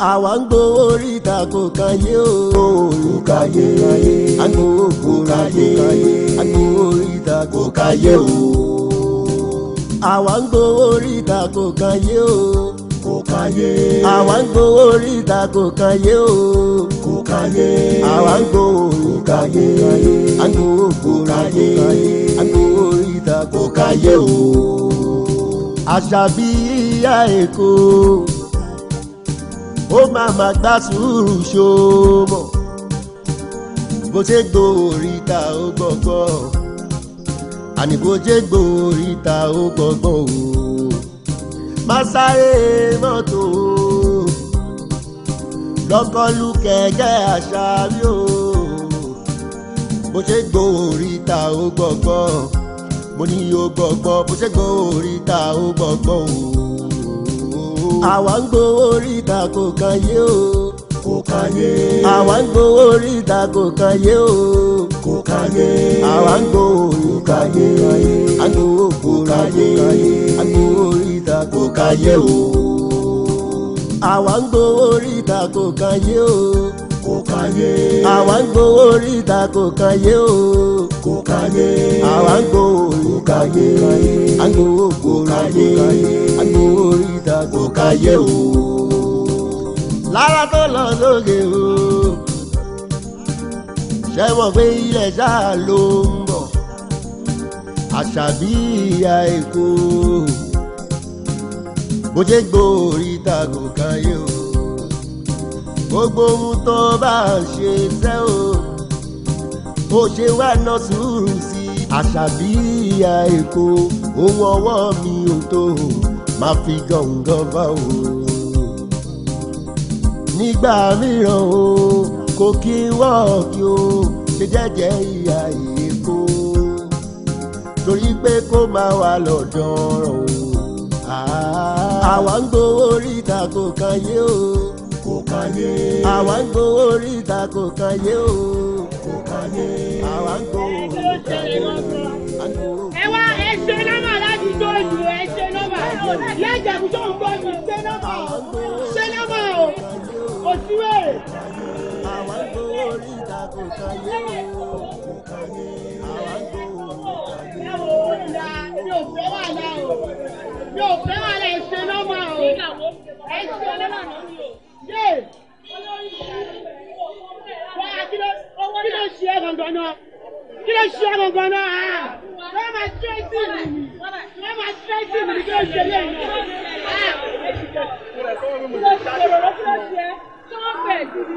àwa ń gbowó ríta kò káyé o. kò káyé agbowó kò káyé agbowó ríta kò káyé o. àwa ń gbowó ríta kò káyé o. kò àwa ń gbowó ríta kò káyé o. kò àwa ń gbowó kò káyé agbowó kò káyé agbowó ríta kò káyé o. àṣàbí ìyá èkó ó máa máa gbá sùúrù ṣòmọ̀ bó ṣe gbòòrìta ó gbọ̀ngbọ̀n àní bó ṣe gbòòrìta ó gbọ̀ngbọ̀n o má sáré mọ́tò lọ́kọ́lù kẹ̀kẹ́ àṣàbí o bó ṣe gbòòrìta ó gbọ̀ngbọ̀n mo ní ó gbọ̀ngbọ̀n bó ṣe gbòòrìta ó gbọ̀ngbọ̀n o àwa ń gbowó oríta kò kan yé o. kò kan yé. àwa ń gbowó oríta kò kan yé o. kò kan yé. àwa ń gbowó oríta kò kan ń gbowó oríta kò kan yé. ń gbowó oríta kò kan yé o. àwa ń gbowó oríta kò kan yé o yé. àwa ń gbowó oríta kò kan yé o. kò kan yé. àwa ń gbowó kò kan yé. à ń gbowó kò kan yé. à ń gbowó oríta kò kan o. lára tó lọ lóge o. ṣé wọ́n pé ilẹ̀ ṣáà ló ń bọ̀. àṣàbí ìyá èkó. bó ṣe gbòòrí ta kò kan o gbogbo ohun tó bá ṣe ṣẹ́ o ó ṣe wá ná sùúrù sí i àṣàbí ìyá èkó ohun ọwọ́ mi ò tó o máa fi gàngàn bá o nígbà mìíràn o kò kí wọ́ọ̀kì o ṣe jẹ́jẹ́ ìyá èkó torí pé kó máa wà lọ́dọ̀ o àwa ń gbowó oríta kò kan yé o kàyé. àwa ń gbowó orí ìta kò kàyé o. kò kàyé. àwa ń gbowó orí ìta kò kàyé. ẹ wá ẹ ṣe nọ́mbà láti tó ìlú ẹ ṣe nọ́mbà lẹ́jà kó tó ń bọ̀ ní ṣe nọ́mbà o ṣe nọ́mbà o kò sí wẹ̀rẹ̀. àwa ń gbowó orí ìta kò kàyé o. kò kàyé. àwa ń gbowó orí ìta kò kàyé. mi ò fẹ́ wà náà o mi ò fẹ́ wà náà ẹ ṣe nọ́mbà o ẹ ṣe nọ́mbà o kí ló ṣe é gangan náà kí ló ṣe é gangan náà wọ́n máa tẹ́sí mi wọ́n máa tẹ́sí mi kí ló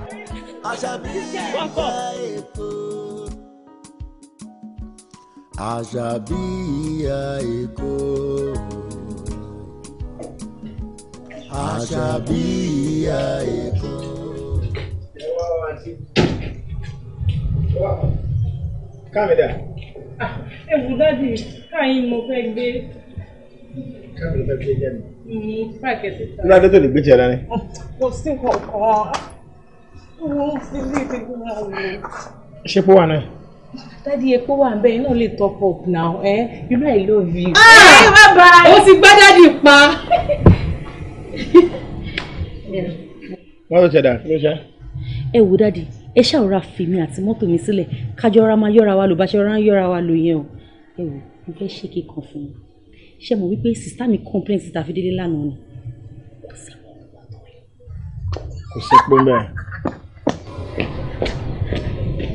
Àṣàbí ìfà èkó. Àṣàbí ìyá èkó. Àṣàbí ìyá èkó. Kámẹ́dà. Ẹ wù dájú, káyín mo fẹ́ gbé. Kámẹ́dà fẹ́ gbé jẹ́ mi. Mo fà kẹ́sì ta. Nínú adé tó lè gbé tiẹ̀ dání. Kò sí nǹkan kan. Wọ́n fi lè fi gbọ́n wò. Ṣé pọ́ wà náà? Dádì epo wà bẹ́ẹ̀ náà lè top up now. eh? you know I love you. Ẹ bá bá a. O ti gbá dádì pa. Wọ́n ló ṣe dà ló ṣe. Ẹ wo dádì, ẹ ṣàwòrà fèmí àti mọ́tò mi sílẹ̀ kájọ ra máa yọra wa lò bá ṣe ra ń yọra wa lò yẹn o. Ẹ wo, mo fẹ́ ṣe kíkan fún mi. Ṣé mo wípé sista mi complain sista fi délé lánàá ni? Kò sí pé mẹ́rin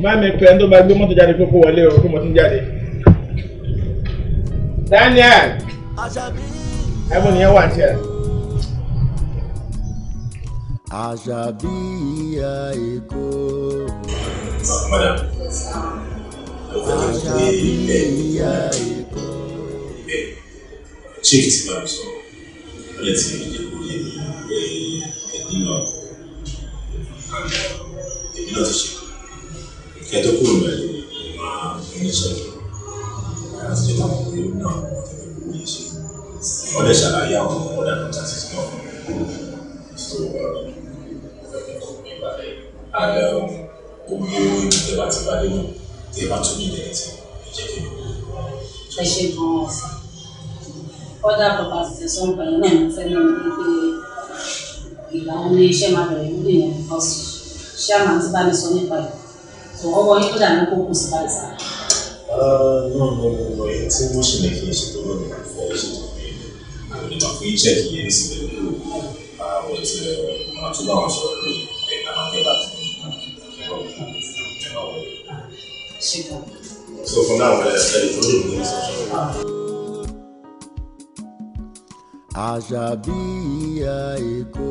má mi pẹ́ ń tó bá gbé mọ́tò jáde kókó wọlé o kó mo jáde. Daniel ẹ̀bùn nìyẹn wà tiẹ̀. Àṣàbí ìyá Èkó. Madam, mo ìyá Èkó. Ṣé kìí ti bá mi sọ̀rọ̀? ti rí ìdíje kó yé mi pé ẹ̀dín ti ṣe kí ẹ tó kúrò bẹ́ẹ̀ máa fi ní sọ̀rọ̀ àyà ti ta mọ̀ pé náà wọ́n ti fi wúwo yìí ṣe wọ́n lè ṣàlàyé àwọn ọmọ ọ̀dà náà tàbí sí náà so àgbà omi owó ìdílé bá ti bá dé náà tí ẹ bá tún ní ìdẹ́rẹ́ tí so ọwọ́ yín kódà ní kókó sí báyìí sá. náà mo mọ mọ èyí tí wọ́n ṣẹlẹ̀ kí n ṣe tó lọ́nà máa fọ ìṣètò mi kò ní máa fún iṣẹ́ kí yẹn sì lè wúlò àwọn ti máa tún báwọn sọ̀rọ̀ pé ẹ̀ka máa fẹ́ láti ní ìgbà So for now, let's let it go. Àṣàbí ìyá Èkó.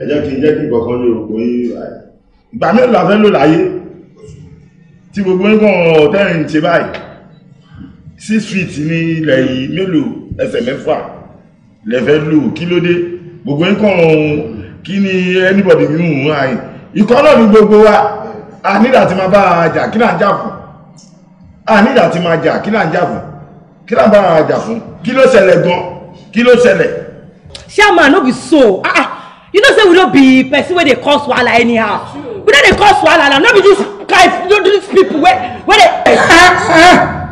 ẹ jẹ́ kí n jẹ́ kí ìkọ̀kan ní òpó ìgbà mélòó la fẹ́ lò láyé tí gbogbo ń kàn ọ̀tẹ́rin ṣe báyìí six feet ní ilẹ̀ yìí mélòó ẹsẹ̀ mẹ́fà lẹ́fẹ́ lò kí ló dé gbogbo ń kàn kí ni anybody bí mú un àyè ikọ́ náà ní gbogbo wa a nígbà tí máa bá a jà kí náà jà fún a nígbà tí máa jà kí náà jà fún kí náà bá a jà fún kí ló ṣẹlẹ̀ gan kí ló ṣẹlẹ̀. ṣé àmà no be so ah ah you know say we no be person wey dey cause wahala anyhow we no dey cause wahala now no be this kind no be this people wey wey dey. ẹ ẹ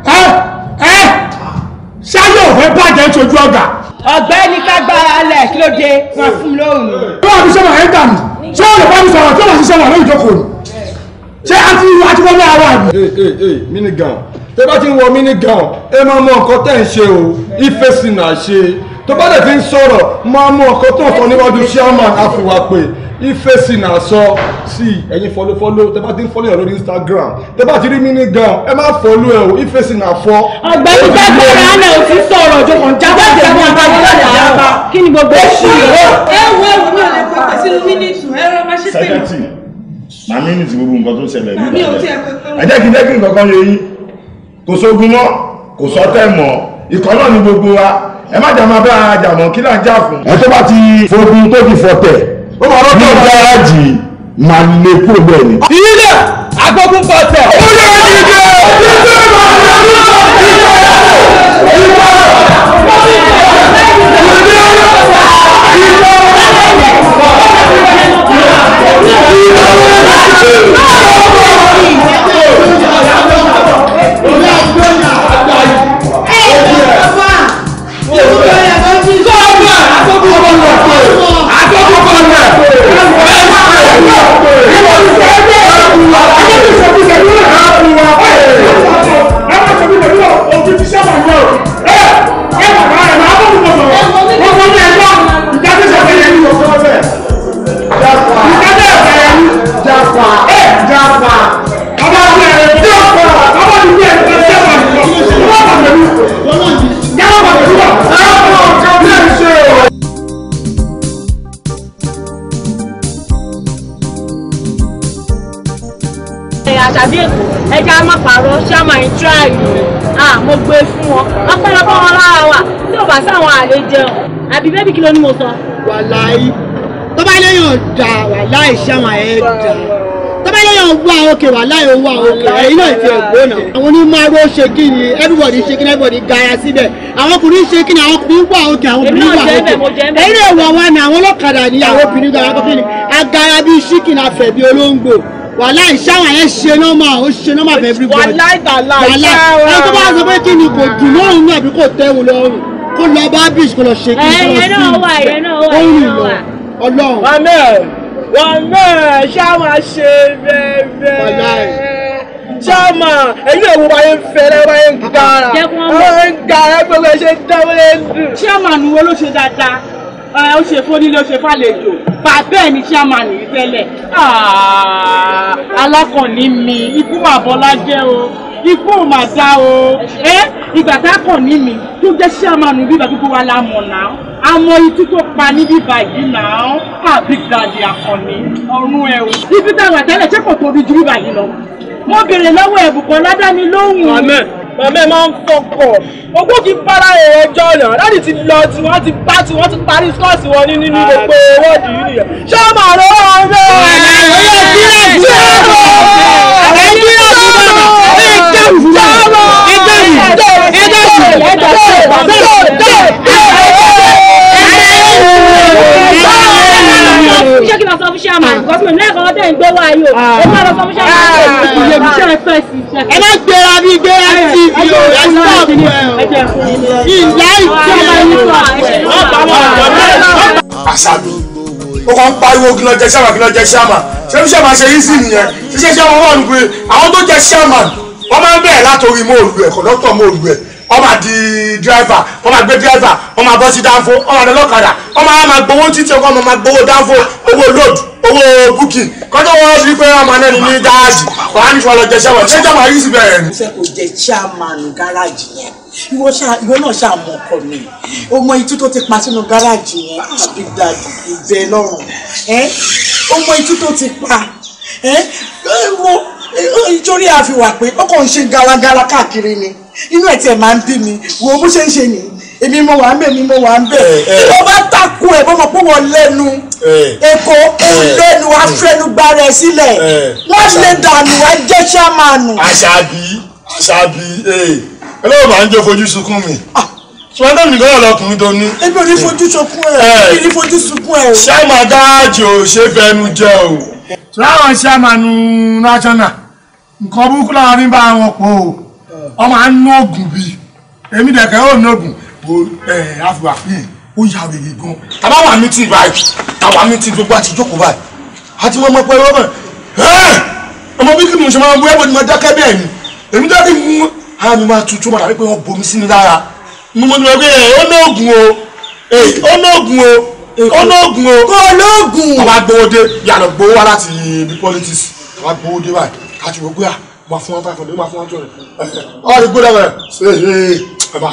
ẹ ẹ ṣáyé òwe bàjẹ́ ìṣojú ọ̀gá. ọ̀gbẹ́ni kágbá alẹ̀ kí ló dé wọn fún mi lóhùn. bí wàá fi ṣe wàá ẹ̀ka mi ṣé wàá lè bá mi sọ̀rọ̀ tí wàá ṣiṣẹ́ wàá lóyún ìjókòó ni ṣé àti àtiwọ́n náà wà ní. ee ee ee mini gown tẹ bá ti wọ mini gown ẹ máa mọ nǹkan tẹ́ ń ṣe o ìfẹsìn náà ṣe tó bá dẹ̀ ti ń sọ̀rọ̀ máa mú ọkọ tó nǹkan níwájú chairman àfìwàpè ìfèsì náà sọ sí ẹ̀yin fọlófọló tẹ bá ti ń fọlọ́ lórí Instagram tẹ bá ti rí mí ní gan ẹ má fọlú ẹ o ìfèsì náà fọ. ọ̀gbẹ́ni fẹ́ gbọ́dọ̀ alẹ́ ò fi sọ̀rọ̀ ojú kan jábọ́ ìjẹ̀bú àbájá lọ́dà kí ni gbogbo èsì rẹ̀. ẹ wo ẹ wo mi ò lè pèpè sí mínísù ẹ rẹ má ṣe tẹ̀lé. màmí ní ti gbogbo nǹkan tó ń ṣẹlẹ̀ ní ìgbà jẹ́ kí jẹ́ kí nǹkan kan yẹ yín kò sógun mọ́ kò sọ́tẹ̀ mọ́ ìkọ́ náà ni gbogbo wa ẹ má jàmọ́ bá a jàmọ́ kí là ń jà fún. ẹ tó bá ti fogun tó ti fọ̀tẹ̀ ní gáràjì máa lè kúrò bẹ́ẹ̀ ni. ilé agbógun fọ̀tẹ̀. ó yẹ ìdíje ìdíje máa ń lọ ìdíje ìdíje. Yeah. no? tàbí èkó ẹja mọ̀ pààrọ̀ ṣáàmà ń tíra ìlú à mo gbé e fún wọn ọpọlọpọ wọn lára wà tí ò bá sáwọn àlè àbí bébì kí ló ní mo sọ. wàláì tó bá lè yàn dà wàláì ṣáàmà ẹ dà tó bá lè yàn wà òkè wàláì ó wà òkè ẹ̀yin náà ti ẹ̀gbọ́n náà. àwọn onímọ̀ọ́rọ̀ ṣe kí ni everybody ṣe kí ni everybody gara síbẹ̀ àwọn ọkùnrin ṣe kí ni àwọn ọkùnrin wà òkè àwọn obìnrin wà òkè ẹ̀yin náà wà wà àwọn ọlọ́kadà ní àwọn obìnrin gara kọ́kí ni agara bíi ṣíkìnà fẹ̀ bíi olóńgbò wàhálà ìṣáwọn yẹn ṣe nọ́mà ó ṣe nọ́mà bẹ́ẹ̀ bí bọ́ọ̀dì wàhálà ẹni tó bá sọ pé kí ni kò dùn lóhùn náà àbí kò tẹ́wọ̀n lọ́rùn kó lọ bá bíṣ kó lọ ṣe kí n lọ sí òun lọ ọlọ́run. wàmẹ́ wàmẹ́ ṣáwọn ṣe bẹ́ẹ̀ sọ́mà ẹ̀yin òun wáyé ń fẹ́rẹ́ wáyé ń gara ó ń gara gbogbo ẹ̀ ṣe dáwọ́lé ń dùn. sọ́mà nuwo ló ṣe dáadáa ó ṣe fónílé ó ṣe fàlejò bàbá ẹ̀ ní chairman yìí tẹ́lẹ̀ ah, alákànní mi ikú màbọ́lá jẹ́ o ikú ò mà dá o ẹ ìgbà tá a kàn ní mi tó jẹ́ chairman bíbá gbogbo wa la mọ̀ náà àmọ́ itú tó pa ní bíbá yìí náà àbí gbàdé àkànní ọ̀run ẹ̀ o ibi táwọn àtẹ́lẹ̀ ṣẹ́kọ̀ọ́ tóbi ju bíbá yìí lọ mo béèrè lọ́wọ́ ẹ̀bùkọ́ ládàáni lóhùn. amen màmá ẹ máa ń fọkọ̀ owó kí n bára èrò ọjọ́ yàn láti ti lọ tí wọ́n ti bá tí wọ́n ti parí sọ́ọ̀sì wọn nínú gbogbo owó ìdí yìí nìyẹn ṣé màá rọ ọ́ bẹ́ẹ̀ sọ ah. ah. ah, fún ṣáàmà o kàn ń pariwo kí lọ jẹ ṣáàmà kí lọ jẹ ṣáàmà ṣé bí ṣáàmà ṣe yí sí nìyẹn ṣíṣe ṣáàmà wà nùgbé àwọn tó jẹ ṣáàmà wọn máa ń bẹ̀rẹ̀ látòrí mọ́ọ̀lù ẹ̀ kọ̀dọ́tọ̀ mọ́ọ̀lù ẹ̀ wọ́n máa di dírẹ́fà wọ́n máa gbé dírẹ́fà wọ́n máa bọ́ sí dánfó wọ́n máa lọ́kadà wọ́n máa máa gbowó títí ọkọ̀ wọ́n máa gbowó dánfó owó lóòdù owó búkì kọ́tọ́ wọ́n rí pé ọmọ náà ní ní gáràjì wọ́n á ní fọlọ́ jẹṣẹ́ wọ̀ ṣé jọba yìí sì bẹ̀rẹ̀ ni. ṣé kò jẹ chairman gáràjì yẹn ìwọ náà ṣáà mọ ọkọ mi ọmọ itú tó ti pa sínú gáràjì yẹn àbí dàdí ìbẹ lọ́rùn ọmọ itú tó ti pa ẹ ẹ wọ nítorí a fi wà pé ó kàn ń ṣe garagara káàkiri ni inú ẹ̀ tiẹ̀ máa ń bí mi wo bó ṣe ń ṣe nì èmi mo wà ń bẹ̀ mi mo wà ń bẹ̀ eh, eh. tí wọ́n bá takú ẹ̀ bọ́mọ̀ pé wọ́n lẹ́nu èkó eh. òun lẹ́nu afẹ́nu hmm. gbára ẹ̀ sílẹ̀ wọ́n lè dànù ẹ jẹ́ ṣámánù. àṣàbí àṣàbí ọlọ́run máa ń jẹ́ fojú sunkún mi ah. ṣùgbọ́n tẹ̀mí kọ́ ọlọ́kùnrin tó ní. ebi ò ní fojú sunkún ẹ̀ ebi ò ní fojú sunkún ṣé màá dáàjò ṣe fẹnu jẹ o láwọn sàmánù uh, national nǹkan burúkú làwọn ní bá wọn pọ̀ o ọmọ à ń ná oògùn bíi èmi dẹ̀kẹ́ ò ná oògùn bó ẹ̀ eh, àfìwà pín ó yà wèrè gan. tàbá wà mí tì báyìí tàbá mí tì gbogbo àti jókòó báyìí àti wọn mọ pé rọ́bà ọmọ bí kí mo ṣe máa ń bú ẹ̀bùn ni mo dákẹ́ bẹ́ẹ̀ ni èmi dákẹ́ mú ara mi máa tutù mọ̀ tàbí pé wọ́n bomi sí mi lára mo mọ̀ ní wọ́n pé eh, ó ná oògùn o eh, ó ná oògùn o ológun o ológun ọba gbowó dé yàrá gbowó wá láti bí politics ọba gbowó dé báyìí àti gbogbo à máa fún wọn five hundred máa fún wọn two hundred ọba ti gbódà bẹ̀rẹ̀ ṣe é ẹ máa lọ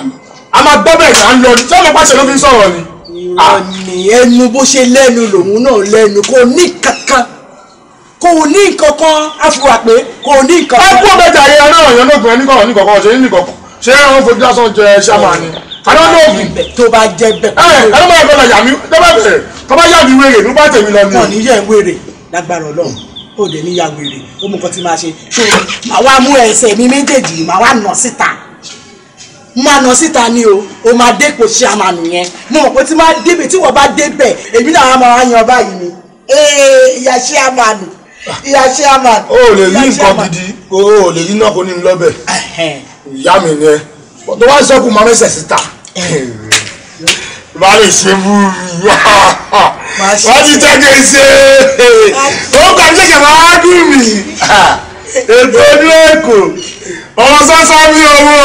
a máa gbọ́ bẹ́ẹ̀ yà ń lọ tí ọmọ pàṣẹ ló fi ń sọ̀rọ̀ ni. ìrọ̀lì ah. ẹnu bó ṣe lẹ́nu lòun náà lẹ́nu kò ní kankan kò ní kankan á fi wà pé kò ní kankan. ẹ kú ọbẹ̀ jàre ẹ náà yẹn lóògùn ẹ alọ́lọ́ọ̀gùn tó bá jẹ́ bẹ́ẹ̀. ẹ ẹ lọ́mọ ẹ̀fọ́ la yà mí lọ́mọ ẹ̀fọ́ tó bá yà mí wèrè nígbà tèmi lọ ni. wọn ní yẹ wèrè lágbára Ọlọ́run ó dé ní ya wèrè ó mú nǹkan tí máa ṣe ṣòro màá wá mú ẹsẹ̀ mi méjèèjì màá wá nà síta máa nà síta ni o o máa dépò ṣe àmàlù yẹn mo mọ̀ pé tí máa débẹ̀ tí wọ́n bá débẹ̀ èmi náà máa yan báyìí ni ìyá ṣe àmàlù ìyá ṣe àmàlù. o ò lè rí nǹkan gidi o ò lè rí náà kó ní lọ́bẹ̀ ìyá mi ni ẹ tó bá sẹ́kù máa mẹ́sẹ̀ síta má lè ṣe mú mi wá ti tẹ́kẹ̀ ṣe ó kà ní ṣẹ̀kẹ̀ máa dùn mí ètò ojú èkó ọmọ sọ́sọ́ bí owó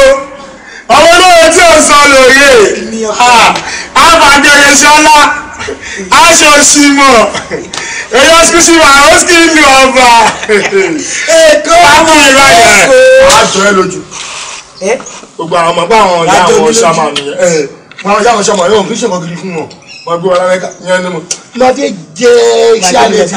ọmọ olóòwe tí ò sọ lóye àbàdéyẹ sọlá aṣọ ṣìmọ̀ èyí ọ̀ṣunṣun wà ó sì ń lu ọba èkó àwọn ìlànà àjọ ẹ lójú. Eh? gbogbo àwọn ọmọ báwọn ọ̀yá àwọn ṣàmà nìyẹn eh, àwọn ọ̀yá àwọn ṣàmà yóò fi ṣe nǹkan gidi fún wọn wọn gbé wọn lamẹ́ríkà yẹn ni mo. lọ́dẹ jẹ́ iṣẹ́ àlẹ́ ti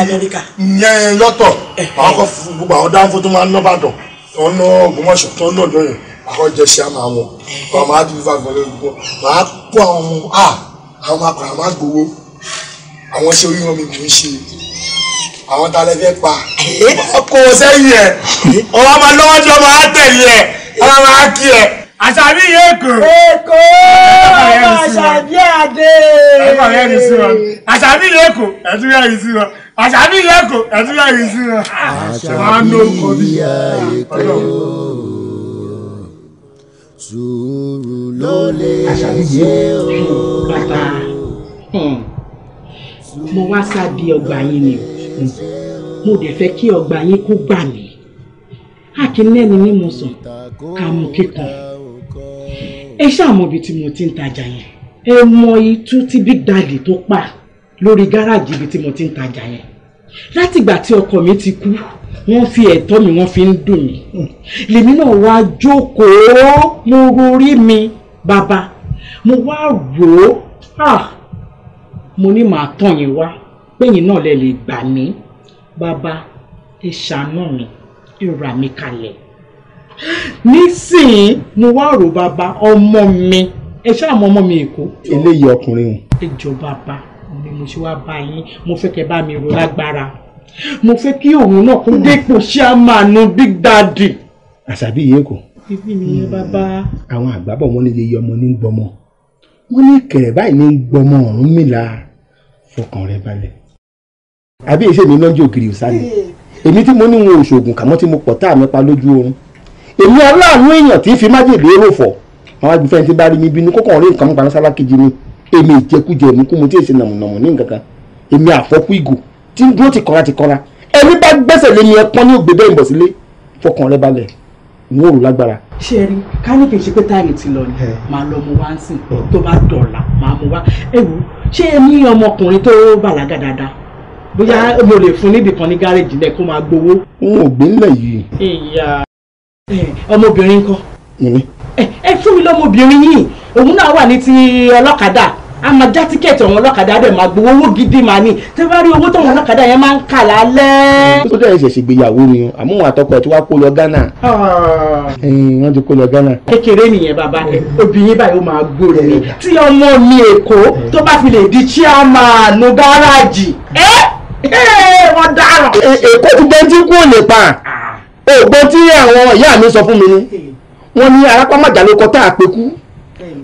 yẹn lọ́tọ̀ eh. àwọn kan gbogbo àwọn dáńfó tó máa ń nọ́bà dàn wọn ná Ògbómọ̀ṣọ́ tó ń lọ́dọ̀ yẹn àwọn jẹ́ ṣe àmà wọn wọn máa dùn fún àgbọ̀lẹ̀ gbogbo máa kó àwọn a àwọn akọ̀ràn máa gbowó àwọn ṣe oríran mi mò ń ṣe àwọn talẹ́ fẹ́ pa. ọkọ̀ sẹ́yìn ẹ̀ ọ̀rọ̀ máa lọ́wọ́ jọ máa tẹ̀lé ẹ̀ ọmọ akí ẹ. àṣàbí yìí èkó. èkó àṣàbí àdé. ẹ̀kọ́ rẹ̀ ní sí wọn. àṣàbí yìí èkó ẹ̀tún rẹ̀ ní sí wọn. àṣàbí yìí èkó ẹ̀tún rẹ̀ ní sí wọn. àṣàbí yìí èkó sùúrù ló lè ṣe o. bàbá hmm. mo wá sábì ọgbà yín ni hmm. mo dẹ̀ fẹ́ kí ọgbà yín kó gbà mí. àkínlẹ́ni ni mo sàn kàmú kíkan ẹ ṣàmọ ibi tí mo ti ń tajà yẹn ẹ mọ itú tí big daddy tó pa lórí gáràjì ibi tí mo ti ń tajà yẹn látìgbà tí ọkọ mi ti kú wọ́n fi ẹ̀tọ́ mi wọ́n fi ń dùn mí lèmi náà wá jókòó mo rorí mi bàbá mo wá rò ó ah! mo ní màá tàn yín wá péyìn náà lè lè gbà mí bàbá ẹ ṣàánú mi ẹ rà mí kalẹ̀ nísìnyí mo wá rò bàbá ọmọ mi ẹ ṣáà mọ ọmọ mi èkó. eléyìí ọkùnrin o. ẹjọ bàbá ni mo ṣe wá bá yín mo fẹ́ kẹ́ bá mi rò lágbára mo fẹ́ kí òun náà kó dépò ṣé a máa nu big daddy. àṣàbí yìí kò. ibi nìyẹn bàbá. àwọn àgbàbọ̀ wọn lè yẹ ọmọ ní gbọmọ wọn ní kẹ̀rẹ̀ báyìí ní gbọmọ ọ̀run mìlá fọkàn rẹ balẹ̀ àbí èsè mi lọ́jọ́ ògiri òsàlẹ̀ èmi tí mo ní wọn òṣògùn kàmọ́ tí mo pọ̀ tá àmì pa lójú oorun èmi aláàánú èèyàn tí fi májèlé èrò fọ̀ àwọn agbèfẹ́ ti bá rí mi bínú kókàn rí nǹkan nípa lọ́sálá kejì ni èmi ìjẹkújẹ mi kú mo tí ì ṣe nàmùnàmù ní nǹkan kan èmi àfọ́kù ìgò tí ń dúró ti kọ́ra ti kọ́ra ẹni bá gbẹ́sẹ̀ lé mi ẹpọ́n ní ògbé bẹ́ẹ̀ bọ̀ sílé fọkàn rẹ balẹ̀ ní òru lágbára. ṣe rí ká ní kì í ṣe pé táìmù ti lọ ni màá lọ mu wá ń sìn tó bá dọ̀la màá mu wá ewu ṣé èmi ọmọkùnrin tó bàlágà dáadáa bóyá mo lè fún níbìkan ní gáréjì lẹ kó máa gbowó. n ò gbé ńlẹ̀ yìí. ìyá Eh, ọmọbìnrin kan. Yìmí. Eh, ẹ fún mi lọ́mọbìnrin yìí òun náà wà ní ti ọlọ́kadà a máa já tíkẹ́ẹ̀tì àwọn ọlọ́kadà dẹ̀ máa gbowó owó gidi mà ní tẹ́ bá rí owó tó àwọn ọlọ́kadà yẹn máa ń kà lálẹ́. sójú ẹ̀ ṣèṣì gbéyàwó ni àmọ́ òun àtọkọ ẹ̀ tí wàá kó lọ Ghana. Ah. wọ́n ti kó lọ Ghana. kékeré nìyẹn bàbá ẹ obìnrin báyìí ó máa gbòòrò mi tí ọmọ mi èkó tó bá fi lè di chairman gáràjì ẹ eh? ẹ wọ́n dáràn. èkó ti bẹ́ńtì kú ò lè pa. Ah ògbọ́n tí àwọn ìyá mi sọ fún mi ni wọ́n ní arápámájà ló kọ́ tá a pé kú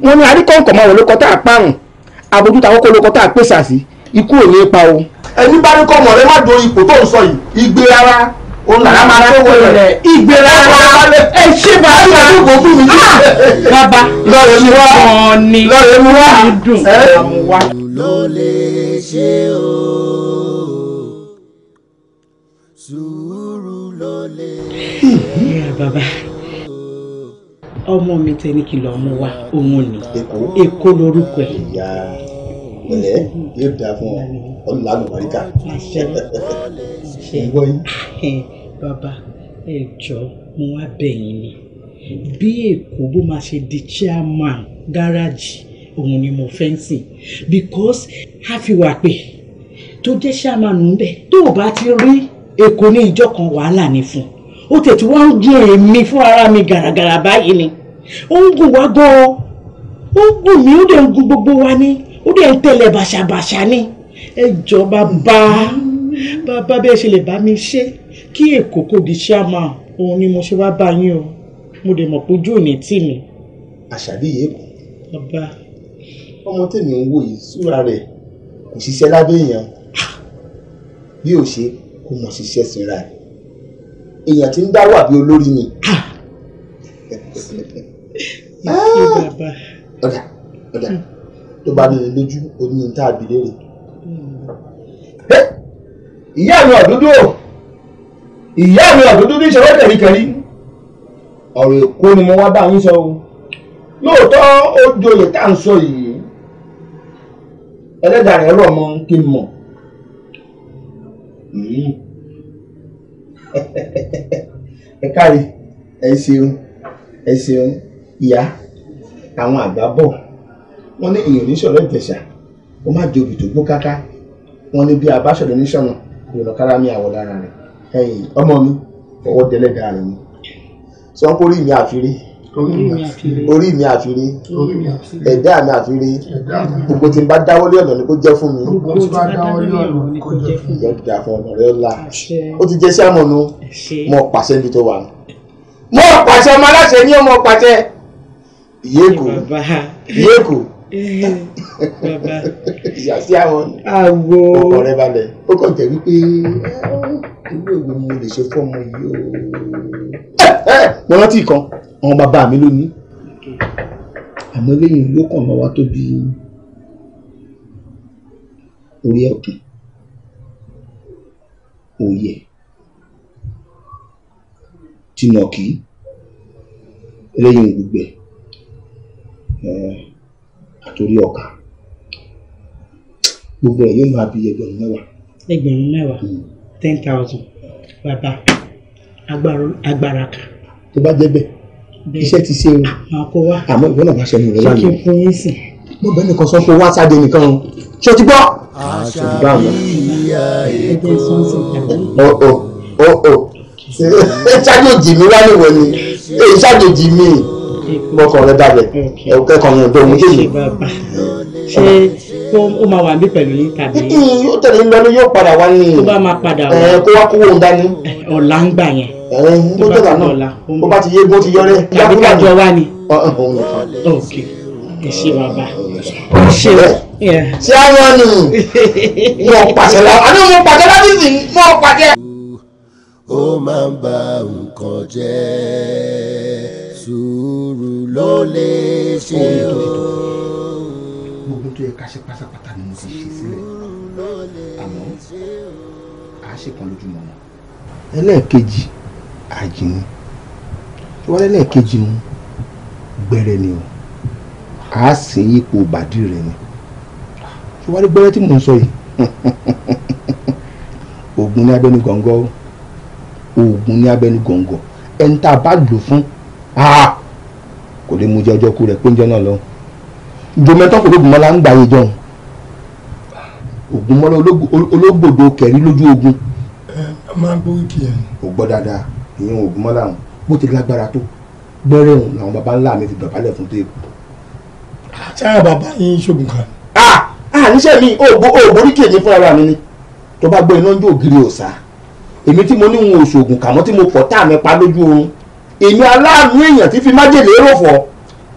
wọ́n ní aríkọ̀ǹkọ̀ máa wọ̀ ló kọ́ tá a pààrùn àbójútó àkọ́kọ́ ló kọ́ tá a pèsè àsì ikú ò ní pa o. ẹni bá ní kọ́ mọ̀ rẹ má dorí ipò tó ń sọ yìí igbe ara òun làrá máa tó wọ rẹ̀ igbe ara ẹ ṣe bàbá mi àti ìbò fún mi. bàbá lọ́rẹ̀ mi wá lọ́rẹ̀ mi wá. ló ṣe o. bàbá ọmọ mi tẹ ní kí lọ mú wa òun ni èkó lorúkọ ẹ. ìyá ẹ yóò dáa fún ọ ọlọ́lá àlùbáríkà. ìwọ yìí. bàbá ẹ jọ mo wá bẹ̀yìn ni bí èkó bó máa ṣe di chairman gáràjì òun ni mo fẹ́ because a fi wà pé tó jẹ́ chairman ń bẹ̀ tó o bá ti rí èkó ní ìjọ kan wàhálà ni fún un ó tẹ̀ tí wọ́n ń gún èmi fún ara mi gàràgàrà báyìí ni ó ń gùn wá gan-an ó ń gùn mí ó dẹ̀ ń gùn gbogbo wa ni ó dẹ̀ ń tẹ̀lé bàṣàbàṣà ni ẹ jọ bàbá bàbá bẹ́ẹ̀ ṣe lè bá mi ṣe kí èkó kò di ṣáàmà òun ni mo ṣe wá bá yín o mo dẹ̀ mọ̀ pé ojú ò ní tì mí. àṣàbí yìí kù. bàbá. ọmọ tèmi ń wò yìí súra rẹ̀ kò ṣiṣẹ́ lábẹ́ èèyàn bí ò ṣe kò mọ̀ ṣiṣẹ́ síra rẹ̀ èèyàn ti ń dárò àbí olórí ni. Ah. Ah. ọ̀dà ọ̀dà tó bá mi lójú oní ní tá a bìlẹ̀ rè. Hmm. ìyá mi ọ̀dúndún o ìyá mi ọ̀dúndún ní ìṣòro kẹ̀ríkẹ̀rí ọ̀rọ̀ èkó ni mo wá bá yín sọ o lóòótọ́ ó joyè tá à ń sọ yìí ẹlẹ́dàá rẹ̀ rọ̀ mọ́ kí n mọ̀. Hmm. ẹ káre ẹ ṣeun ẹ ṣeun ìyá àwọn àgbà bọ̀ wọ́n ní èèyàn níṣọ̀rọ̀ ìjẹ̀ṣà ó má jobi tó gbó káká wọ́n ní bí abáṣọ̀rọ̀ níṣọ̀nà ìrọ̀lọ́ kára mi àwọ̀ lára rẹ̀ ẹ̀yìn ọmọ mi fọwọ́ dẹ́lẹ́dàá rẹ̀ mi sọ́ńkórì mi àfírí orí mi àfiré ẹ̀dá mi àfiré gbogbo tí n bá dáwọ́lé ọ̀nà ni kò jẹ́ fún mi yóò dà fún ọ̀nà rẹ la ó ti jẹ́ sí àmọ̀nù mọ̀ pàṣẹ níbi tó wà ní. mọ̀ pàṣẹ ọmọ aláṣẹ ní ọmọ pàṣẹ ìyẹ́kù ìyẹ́kù eh, ìyá sí àwọn ọkọ rẹ balẹ̀ ó kàn tẹ̀ wípé ìwé ah, ìwé mo lè ṣe fún ọmọ yìí o. Eh, eh, mo rántí kan àwọn bàbá mi ló ní àmọ́ lẹ́yìn ló kàn máa wá tó bí orí ẹ̀kún òye tìnàkì lẹ́yìn gbígbẹ eh, àtòrí ọ̀ka gbogbo ẹ̀ yóò máa bí ẹgbẹ̀rún mẹ́wàá. ẹgbẹ̀rún mẹ́wàá hmm. ten thousand bàbá agbára kan. tó bá jẹ́ bẹ́ẹ̀ iṣẹ́ ti ṣe o àmọ́ ìwọ náà bá ṣe ẹnu rẹ lánàá mo bẹ́ẹ̀ nìkan sọ pé wá sáde nìkan o ṣé o ti gbọ́. aṣọ ìyá èkó ọ mi wá níwọ̀ ni ṣáájú mi mọ́kàn rẹ balẹ̀ ẹ̀wù kẹ́kọ̀ọ́ yẹn bẹ́ẹ̀ méjèèjì. ṣé ó máa wà bí pẹ̀lú yín tàbí. yóò tẹ̀lé ń lọ yóò padà wá ní. tó bá máa padà wá kó wá kówó ń dání. ọ̀la ń gbà yẹn. tó bá tẹ̀lé ọ̀la ó bá ti yé bó ti yọrẹ. tàbí kájọ wá ni. ok ẹ ṣe bàbá ẹ ṣe ṣé àwọn ni mo pàṣẹ lọ àná mo pàṣẹ láti sìn mo pàṣẹ. ó máa ń ba nǹkan jẹ́ sùúrù ló lè ṣe o. gbogbo tó yẹ ká ṣe pátápátá ni mo ti ṣe sílẹ̀ àmọ́ a ṣe kan lójúmọ́ wọn. ẹlẹ́ẹ̀kejì àjìní tó wá lẹ́lẹ́ẹ̀kejì mu gbẹrẹ ni o a sì yípo bàdí rẹ ni tó wá rí gbẹrẹ tí mò ń sọ yìí oògùn ní abẹ́nú gọ̀ǹgọ̀ oògùn ní abẹ́nú gọ̀ǹgọ̀ ẹni tá a bá lò fún Ah, kò lè mú jẹ ọjọ́ kú rẹ̀ péńjọ náà lọ jòmẹ́tọ́ kò lóògùn mọ́lá ń gbàyè jọun ògùn mọ́lá olóògbòdo kẹ̀rí lójú ogun. ẹ ẹ máa ń gbórí kìí. ò gbọ́ dáadáa ìyẹn ògùn mọ́lá hàn bó ti lágbára tó gbẹ́rẹ́ òun làwọn baba ńlá mi fi dọ̀bálẹ̀ fún tó èkó. sáyà bàbá yín ṣoògùn kan. a ah, ah, níṣẹ́ mi ògbórí kìí ní fúnra mi ni tó bá gbọ́ iná ń jó ògiri òòsà èmi tí mo ní òun òṣògùn kàmọ́ tí mo pọ̀ èmi aláàánú èèyàn tí fi májèlé rò fọ́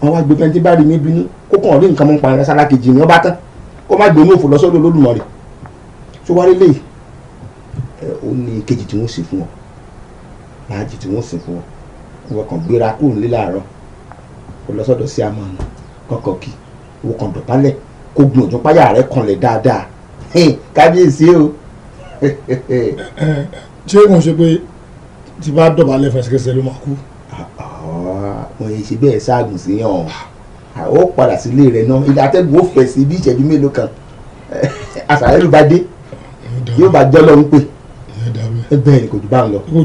wọn wá gbé pẹ́ntì bá rí mi bínú kó kàn rí nǹkan mọ́ pa ẹ̀rẹ́ sára kejì yẹn bá tán kó má gbé nóòfò lọ́sọ́dọ̀ Olódùmarè tó wá lélẹ̀ ẹ ò ní kejì tí wọ́n sì fún ọ láàjì tí wọ́n sì fún ọ wọ́n kàn gbéra kúrò nílé àárọ̀ kó lọ́sọ́dọ̀ sí àmọ́ ọ̀nà kọ̀ọ̀kan kì wọ́n kàn dọ̀bálẹ̀ kó gun òjò páyà rẹ̀ kanlẹ̀ dáadáa kábíyèsí o. ṣé mo ṣe pé tí bá dọ̀bálẹ̀ fẹsẹ̀kẹsẹ̀ ló máa kú wọn yìí ṣe bẹ́ẹ̀ ṣáàgùn sí yàn ó padà sílé rẹ̀ náà ìdátẹ́gùn ó fẹ̀ sí bí ìṣẹ́jú mélòó kan àṣàyẹ́lú bá dé yóò bá jọ́ lọ́run pé bẹ́ẹ̀ ni kò jù bá ń lọ kò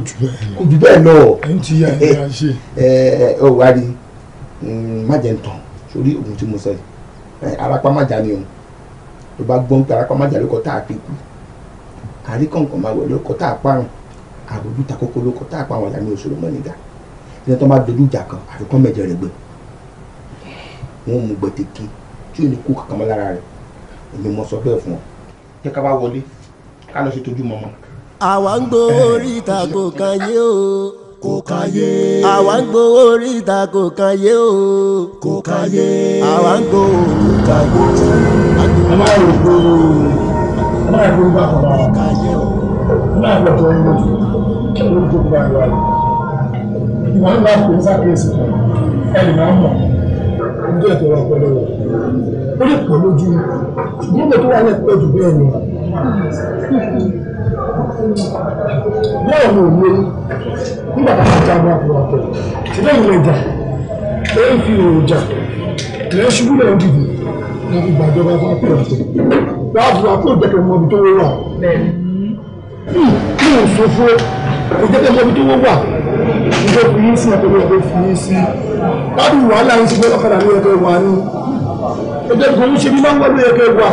jù bẹ́ẹ̀ lọ ọ wá rí mm, májẹ̀ntàn sórí òun tí mo sọ yìí arápámájà ni o tó bá gbọ́n pé arápámájà ló kọ́ tá a pé kú àríkànkàn máa wẹ̀ ló kọ́ tá a parun àròjù takoko ló kọ́ tá a pa àwọn ìyá mi òṣèlú mọ́nìgà ní tó bá dojú ìjà kan àfikún mẹ́jọ rẹ̀ gbé wọn mú gbẹ̀tẹ̀kì tí ò ní kú kankan mọ́ lára rẹ̀ èmi mo sọ bẹ́ẹ̀ fún ọ jẹ́ ká bá wọlé ká lọ sí tójú mọ́mọ́. àwa ń gbowó oríta kò kan yé o kò kan yé. àwa ń gbowó oríta kò kan yé o kò kan yé. àwa ń gbowó oríta kò kan yé o. ẹ má rò ó ẹ má rò ó bá kọ̀ bá wa ẹ má rò ó tó ń lò ó ló ń tó kó bá wa ìwà ńlá kò ń sàkíyèsí kan ẹnì máa ń mọ̀ ọdún ẹ̀tọ́ wa pẹ̀lú wa ó lè pọ̀ lójú ṣùgbọ́n mo tó wà ní ẹ̀pẹ́ jù bẹ́ẹ̀ lọ. bẹ́ẹ̀ ni òun lé nígbà tá a jà bá a fọwọ́ pẹ̀lú ṣùgbọ́n ìlú ẹ̀jà ó ń fi èròjà lẹ́yìn ṣubú lẹ́yìn dìbò ní ìgbàjọba bá pè ọ́ láti wá kó ìgbẹ́kẹ̀ mọ́bi tó wọ́n wà. mi ò hmm, fún ìgbẹ́kẹ̀ mọ́bi tó wọ́n wà ibi tó fi yín sí ẹ̀kọ́ mi tó fi yín sí láti wàhálà yín sí pé ọ̀kadà ló yẹ kẹ́ wà ní ètò ìkọ̀ ń ṣe bí máa ń wà ló yẹ kẹ́ wà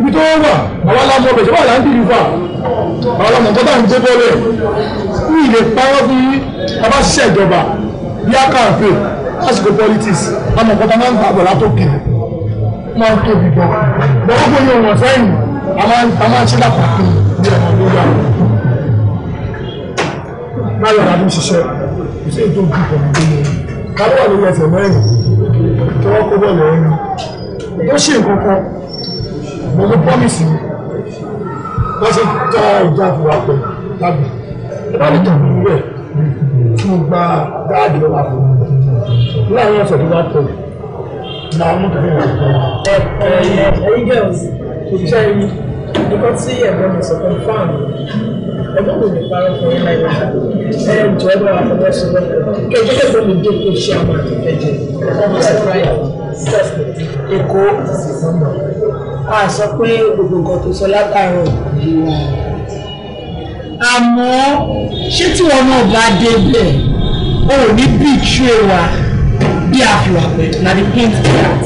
ibi tó wà àwa la mọ bẹ̀ṣẹ̀ wà là ń kiri fà àwa la mọ nǹkan tá à ń jẹ́ bọ́lẹ̀ ní ilé pàwọ́ fún bàbá ṣiṣẹ́ ìjọba bí a kà ń lásìkò politics àmọ̀ nǹkan tá máa ń gbàgbọ́ látòkè máa ń tóbi gbọ́ gbọ́gbọ́ yóò wọ̀ sẹ́yìn a ń ṣe dàpọ̀ bí ọmọ tó káyọ̀ la ṣiṣẹ́ kò sí ètò òbí kan tó ẹsẹ̀ mẹ́rin tó wọ́n kó bọ́ọ̀lù ẹ̀yìn tó ṣe nǹkan kan mo ló pọ́mìsì wọ́n ṣe tọ́ ìjà fún wa pẹ̀lú tàbí wọ́n lè tàn mí bẹ́ẹ̀ tí mo gba gáàdì lọ́wọ́ àpò láàrin ọ̀sẹ̀ tó bá tọ̀ làwọn mọ̀tò fún ìrìn àjò. girls òṣìṣẹ́ yìí nǹkan tí ẹ̀gbọ́n mi sọ fún fáàmù ẹ̀gbọ́n mi ò ní parọ́ fún yín láì wá ẹ jọ ẹ bá wà fọwọ́ sí wọn kẹjọ kẹjọ mi dé kó ṣe àwọn àtẹkẹjẹ ọmọ ẹ fúra ẹ sẹfù èkó a sọ pé gbogbo nǹkan tó sọ látàárọ̀ àmọ́ ṣé tí wọn náà bá débẹ̀ o ò ní bí ìṣe wa bí a fi wà pẹ̀ na the paint cat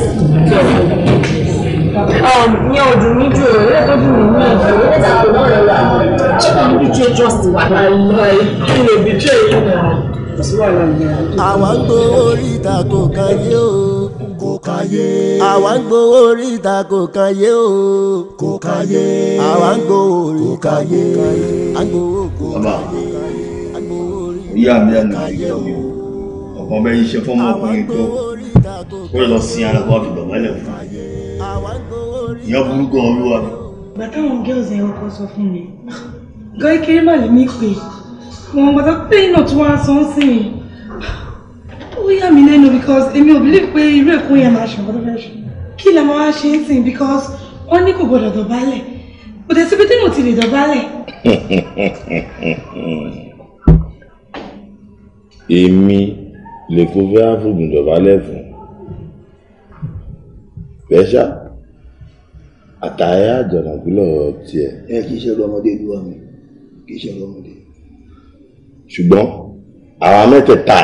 ní ọdún nídùú ẹ̀ ẹ̀ tó dùn mí ní ìdílé ṣé kò ní betray trust wa. àlọ́ kí lè betray gbowó oríta kò kan o. kò kan yé. gbowó oríta kò kan o. kò kan yé. gbowó oríta kò kan yé. à ń gbowó kò kan yé. à ń gbowó oríta kò kan yé o ọkàn bẹ yíṣẹ fún tó ó lọ sin ara wa fi dọ̀bálẹ̀ fún ìyá burúkú ọlọ́wà. bàtà àwọn gẹ́ọ̀sì ẹ̀rọ kan sọ fún mi gan kéré mà lè mí pè wọn bàtà pé náà tí wọn á san ó yà mí lẹ́nu because èmi ò believe pé irú ẹ̀kọ́ yẹn máa ṣàn kọ́tọ́ fẹ́ kí la máa ṣe ń sìn because wọ́n ní kò gbọ́dọ̀ dọ̀bálẹ̀ kò tẹ̀ síbi tí mo ti lè dọ̀bálẹ̀. èmi lè kó fẹ́ áfùgùn dọ̀bálẹ̀ fún fẹ́ṣà àtàyà àjọ̀nàgbélọ̀ tiẹ̀. ẹ kì í ṣe ọmọdé ìlú wa kì í ṣe ọ̀rọ̀ ọmọdé ṣùgbọ́n àwa mẹ́tẹ̀ẹ̀ta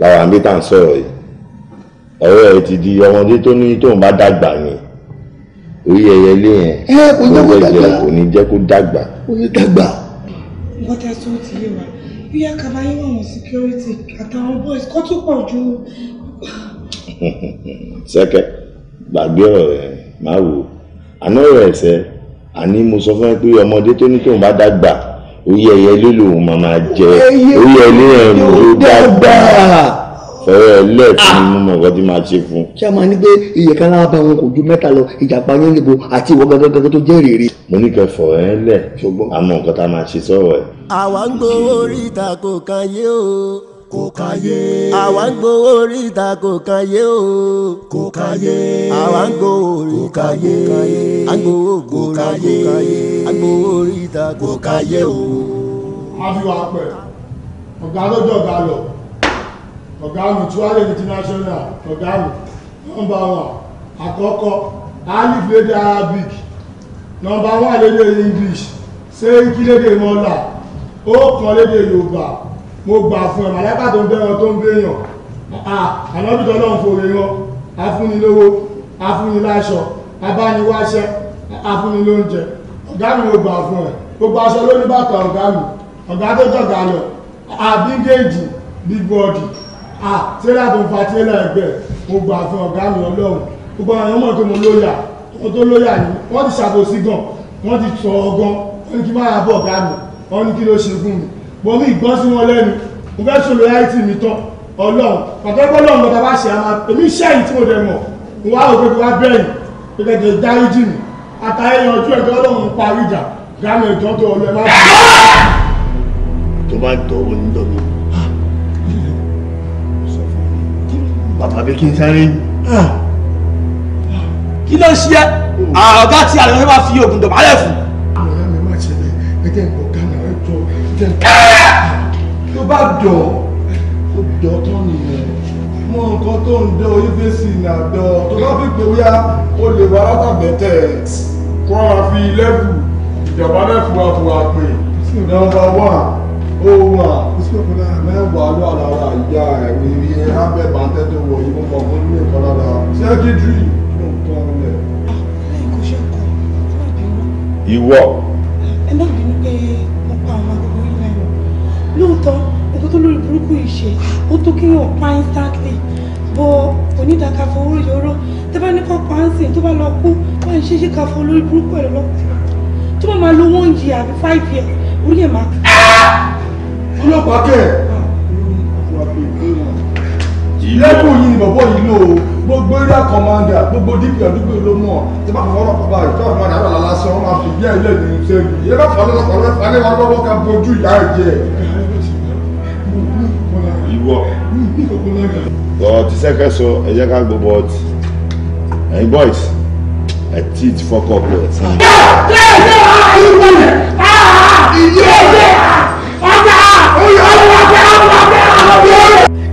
làwa mi tá à ń sọ̀rọ̀ yìí ọ̀rọ̀ ẹ̀ ti di ọmọdé tó ní tóun bá dàgbà ni orí ẹyẹ ilé yẹn owó ẹ̀jẹ̀ kò ní jẹ́ kó dàgbà. ó yẹ dàgbà. bọ́tà tó ti yé wa bóyá kaba yín àwọn security àtàwọn boys kọ́ tó pọ̀ ju. sẹ́kẹ̀ gbàgbé ọ̀rọ̀ ẹ̀ máa wò àná ọ̀rọ̀ ẹ̀sẹ̀ àní mo sọ fún ẹ pé ọmọdé tó ní tóun bá dàgbà oyè ẹyẹ ló lòun máa máa jẹ oyè ẹlẹ ẹ ló dàgbà fẹ́rẹ́ lẹ́ẹ̀kún ni ah! mo mọ̀ nǹkan máa ṣe fún. ṣé a máa ní pé iye kan lára bá wọn kò ju mẹ́ta lọ ìjàpá yẹn níbo àti ìwọ gangan tó jẹ́ rere. mo ní kẹ́ fọ̀ ẹ́ lẹ̀ àmọ́ nǹkan tá a máa ṣe sọ̀rọ̀ ẹ̀. àwa ń gbowó orí ìtàkùn kan yé o. kò káyé. àwa ń gbowó orí ìta kò o. kò àwa ń gbowó orí ìta kò káyé. à ń gbowó kò káyé. à ń gbowó orí ìta kò o. a fi wá pẹ̀ ọ̀gá lọ́jọ́ ọ̀gá lọ ọ̀gá mi international ọ̀gá mi àkọ́kọ́ arabic mo gbà fún ẹ màláìka tó ń bẹ́ràn tó ń béèyàn ànábìtọ́ náà ń fòrè wọn afúnilówó afúniláṣọ abániwáṣẹ afúnilóúnjẹ ọ̀gá mi mo gbà fún ẹ gbogbo aṣọ ló ní bàtà ọ̀gá mi ọ̀gá tó jọ̀gá lọ àbíngéèjì bíbọ́ọ̀dì àtẹ́lá tó ń fa tẹ́lá ẹgbẹ́ mo gbà fún ọ̀gá mi ọlọ́run gbogbo àwọn ọmọ tó mo lóyà wọ́n tó lóyà ní wọ́n ti ṣàbòsí gan wọ́n ti sọ ọgbọ́n wọ́n ní kí má yà bọ̀ ọ̀gá mi wọ́n ní kí ló ṣe fún mi mo ní ìgbọ́n sí wọn lẹ́nu mo fẹ́ sọ̀rọ̀ it mi tán ọlọ́run pàtàkì ọlọ́run lọ́ta bá ṣe àmà èmi iṣẹ́ yìí tí mo dẹ̀ mọ̀ mo wá òkè tó wá bẹ́ẹ̀yìn pé kẹ̀kẹ́ dárí jì mí àtàyè yanjú ẹ̀jọ́ ọlọ́run parí ìjà gáàmì ẹ̀jọ́ tó ọlọ́ ẹ̀ má bàa. tó bá tọ owó dọ̀ mi bàbá bí kí n sáré kí ló ń ṣe hmm. ah, ọ̀gá tí àlọ́ fẹ́ máa fi oògùn dọ̀bálẹ̀ fún. ọ̀rẹ́ mi má ṣẹlẹ̀ ẹ̀jẹ̀ tẹ̀ tó bá dọ̀ ó dọ̀ tán nìyẹn mọ nǹkan tó ń dọ̀ ife sí nà dọ̀ tó bá fi pè wíyá o lè wá látàbẹ̀tẹ̀ kó a fi lẹ́bù ìjọba lẹ́fùwà fùwà pè nọ́mbà wán ó wà ìsìnkúnlá mẹ́wàá ló àlàra ìyá ẹ̀ wíwí ẹ̀ abẹ́ bàtẹ́ tó wọ ìwọ́n kan fún ilé ìkan lára sẹ́kítírì ìwọ lóòótọ́ nǹkan tó lórí burúkú yìí ṣe ó tó kéèyàn pa instantly bọ onídàáka fowó yọrọ tẹ bá ní kọ́ pa á sìn tó bá lọ kú wọ́n ń ṣe ká fún olórí burúkú ẹ̀ lọ́pàá tó bá máa lo one àbí five year orí ẹ̀ máa kú. ọlọ́pàá kẹ̀ ah. lẹ́kùn yìí ni bọ̀bọ̀ yìí lò ó gbogbo area commander gbogbo dp àdúgbò ló mọ̀ tí bá fọwọ́ ọlọ́pàá báyìí tí wọ́n máa dàgbà lálásán wọ́n máa fi bí ẹ̀ lẹ́nu sẹ́yìn yẹ́n bá fọwọ́ ọlọ́pàá lẹ́fà lẹ́wà lọ́wọ́ ká bójú ìyá ẹ̀ jẹ́ ọ̀rọ̀ the second so ẹ jẹ́ ká gbọ́ but ẹ̀yin boys ẹ̀ tí ì ti fọ́kọ̀ ọ̀pọ̀ ẹ̀ sẹ́yìn.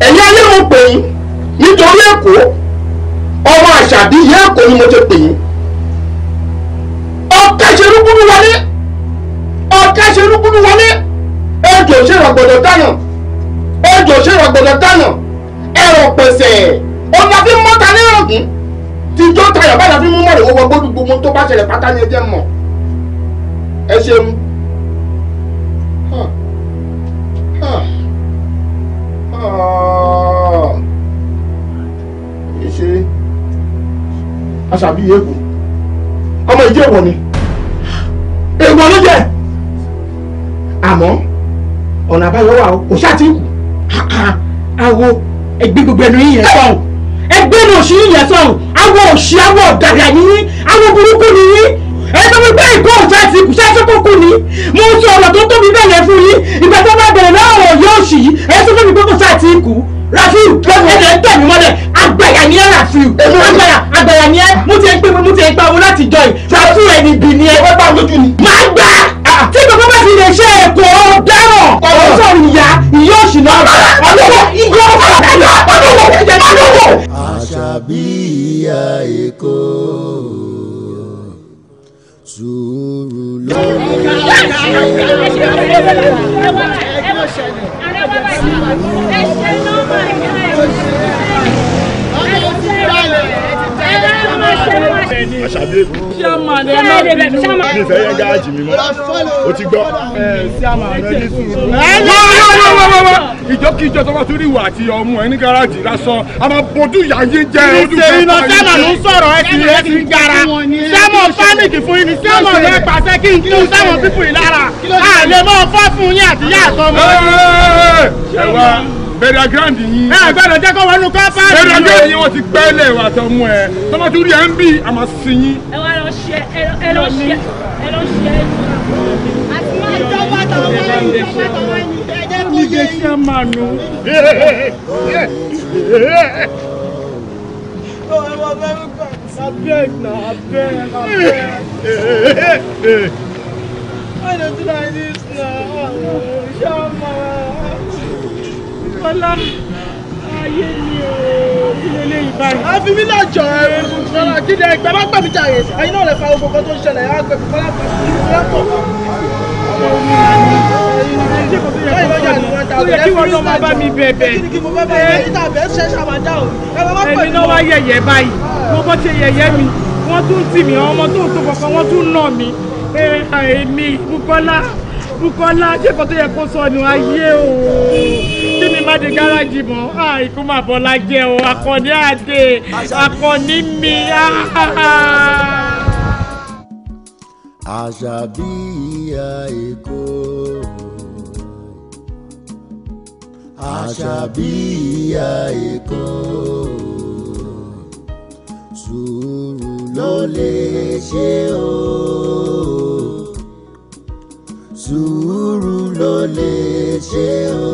ẹ̀yin alẹ́ mo pè yín nítorí èkó ọmọ àṣàbí ìyá èkó ni mo ti pè yín ọ̀ka ìṣerúkúrú wọlé ọ̀ka ìṣerúkúrú wọlé ètò ìṣèràngbọ̀dọ̀ dáná àgbọ̀dọ̀ dáná ẹ̀rọ pèsè ọ̀nà fi mọ́ta ní ọ̀gùn tíjọ́ tayọ̀ báyọ̀ fi mú mọ̀rẹ̀ owó gbódù gbogbo tó bá ṣẹlẹ̀ pátá ni ẹ jẹ́ mọ̀ ẹ ṣeun. ṣe aṣàbí èèwọ̀ ọmọ ìjẹ́ èèwọ̀ ni èèwọ̀ ló jẹ́ àmọ́ ọ̀nà àbáyọ wà o kò ṣáà ti ń kù awo ẹgbẹ́ gbogbo ẹnu yìí yẹn sọ̀hún ẹgbẹ́ náà òṣì yìí yẹn sọ̀hún awo òṣì awo ọ̀dàdà yìí awo burúkú nìyí ẹgbẹ́ wípé ìkó ọ̀sẹ̀ ti kù sẹ́sẹ́ ni mo sọ ọ̀rọ̀ tó tóbi bẹ́ẹ̀ fún yín ìgbà tó bá bẹ̀rẹ̀ náà ọ̀rọ̀ yóò ṣì yí ẹ̀sùn fún mi sáà ti kù rafiu ẹ̀jẹ̀ ń tẹ̀mí mọ́lẹ̀ àgbàyà ni ẹ́ rafiu àgbàyà àgbàyà ni ẹ́ mo ti ẹ gbé mo ti ẹ gbá owó láti jọ yìí rafiu ẹni bì ni ẹ wọ́n bá lójú ni. màá gbà á tí gbogbo bá ti lè ṣe ètò ọ̀daràn ọ̀rọ̀ sọ̀rọ̀ ìyá ìyá òṣìlá ọ̀dọ́wọ́ ìyá ọ̀dọ́wọ́ ọ̀dọ́wọ́ ọ̀dọ́wọ́. àṣàbí ìyá èkó sùúrù ló lè ṣe. Thank you àṣàbí èkó mi fẹ́ yẹ gáàjì mi mọ́ o ti gbọ́. wọ́wọ́wọ́wọ́wọ́ ìjọkíjọ tó bá tún rí ìwà àti ọmọ ẹ ní gáràjì lásán a máa bójú ìyá yé jẹ́ ojú fẹ́ fún ayé. sẹ́mọ̀ ló ń sọ̀rọ̀ ẹ ti rẹ ti gara sẹ́mọ̀ pánìkì fún yín sẹ́mọ̀ rẹ pàṣẹ kí n tún sẹ́mọ̀ pípù yìí lára àlè mọ́ fọ́ fún yín àti yá àtọmọ. ẹ wá bẹ̀rẹ̀ grand yín. ẹ gbọ́dọ̀ jẹ́ kó wọnú kọ́páàdì. bẹ̀rẹ̀ grand yín wọ́n ti gbẹ́lẹ̀ wà tó mú ẹ tọ́mọ́tò rí ẹ ń bì àmọ́ sí yín. ẹ wá lọ ṣe ẹ lọ ṣe ẹ lọ ṣe ẹ àti máa jọba tọwọ́ ẹni jọba tọwọ́ ẹni ẹjẹ́ kó yẹ yín. Oh, I love everyone. I beg now, I beg, I beg. don't do like this now ọlá ayé mi ò kílẹ̀ léyìí báyìí. a fi mí náà jọ ẹ lọ́la jíde ẹgbẹ́ má gbàmí jàre ẹ̀yin náà lè fa ogun kan tó ń ṣẹlẹ̀ á gbẹ̀bí kọ́lá pọ̀ lọ́pọ̀. Ó yẹ kí wọ́n lọ máa bá mi bẹ̀bẹ̀. Ẹ̀mí náà wá yẹ̀yẹ̀ báyìí. Mo bọ́ ṣe yẹ̀yẹ́ mi. Wọ́n tún tì mí, ọmọ tó ń tó kọ̀ọ̀kan wọ́n tún nà mí. Èmi Bukola Bukola ṣé kò tó yẹ kó sọnù ayé o kí ni má di gáràjì mọ́ àìkú ah, má bọ́lá jẹ́ o akọni àdè akọni mi. Ah, ah, àṣàbí ìyá èkó àṣàbí ìyá èkó sùúrù ló lè ṣe o sùúrù ló lè ṣe o.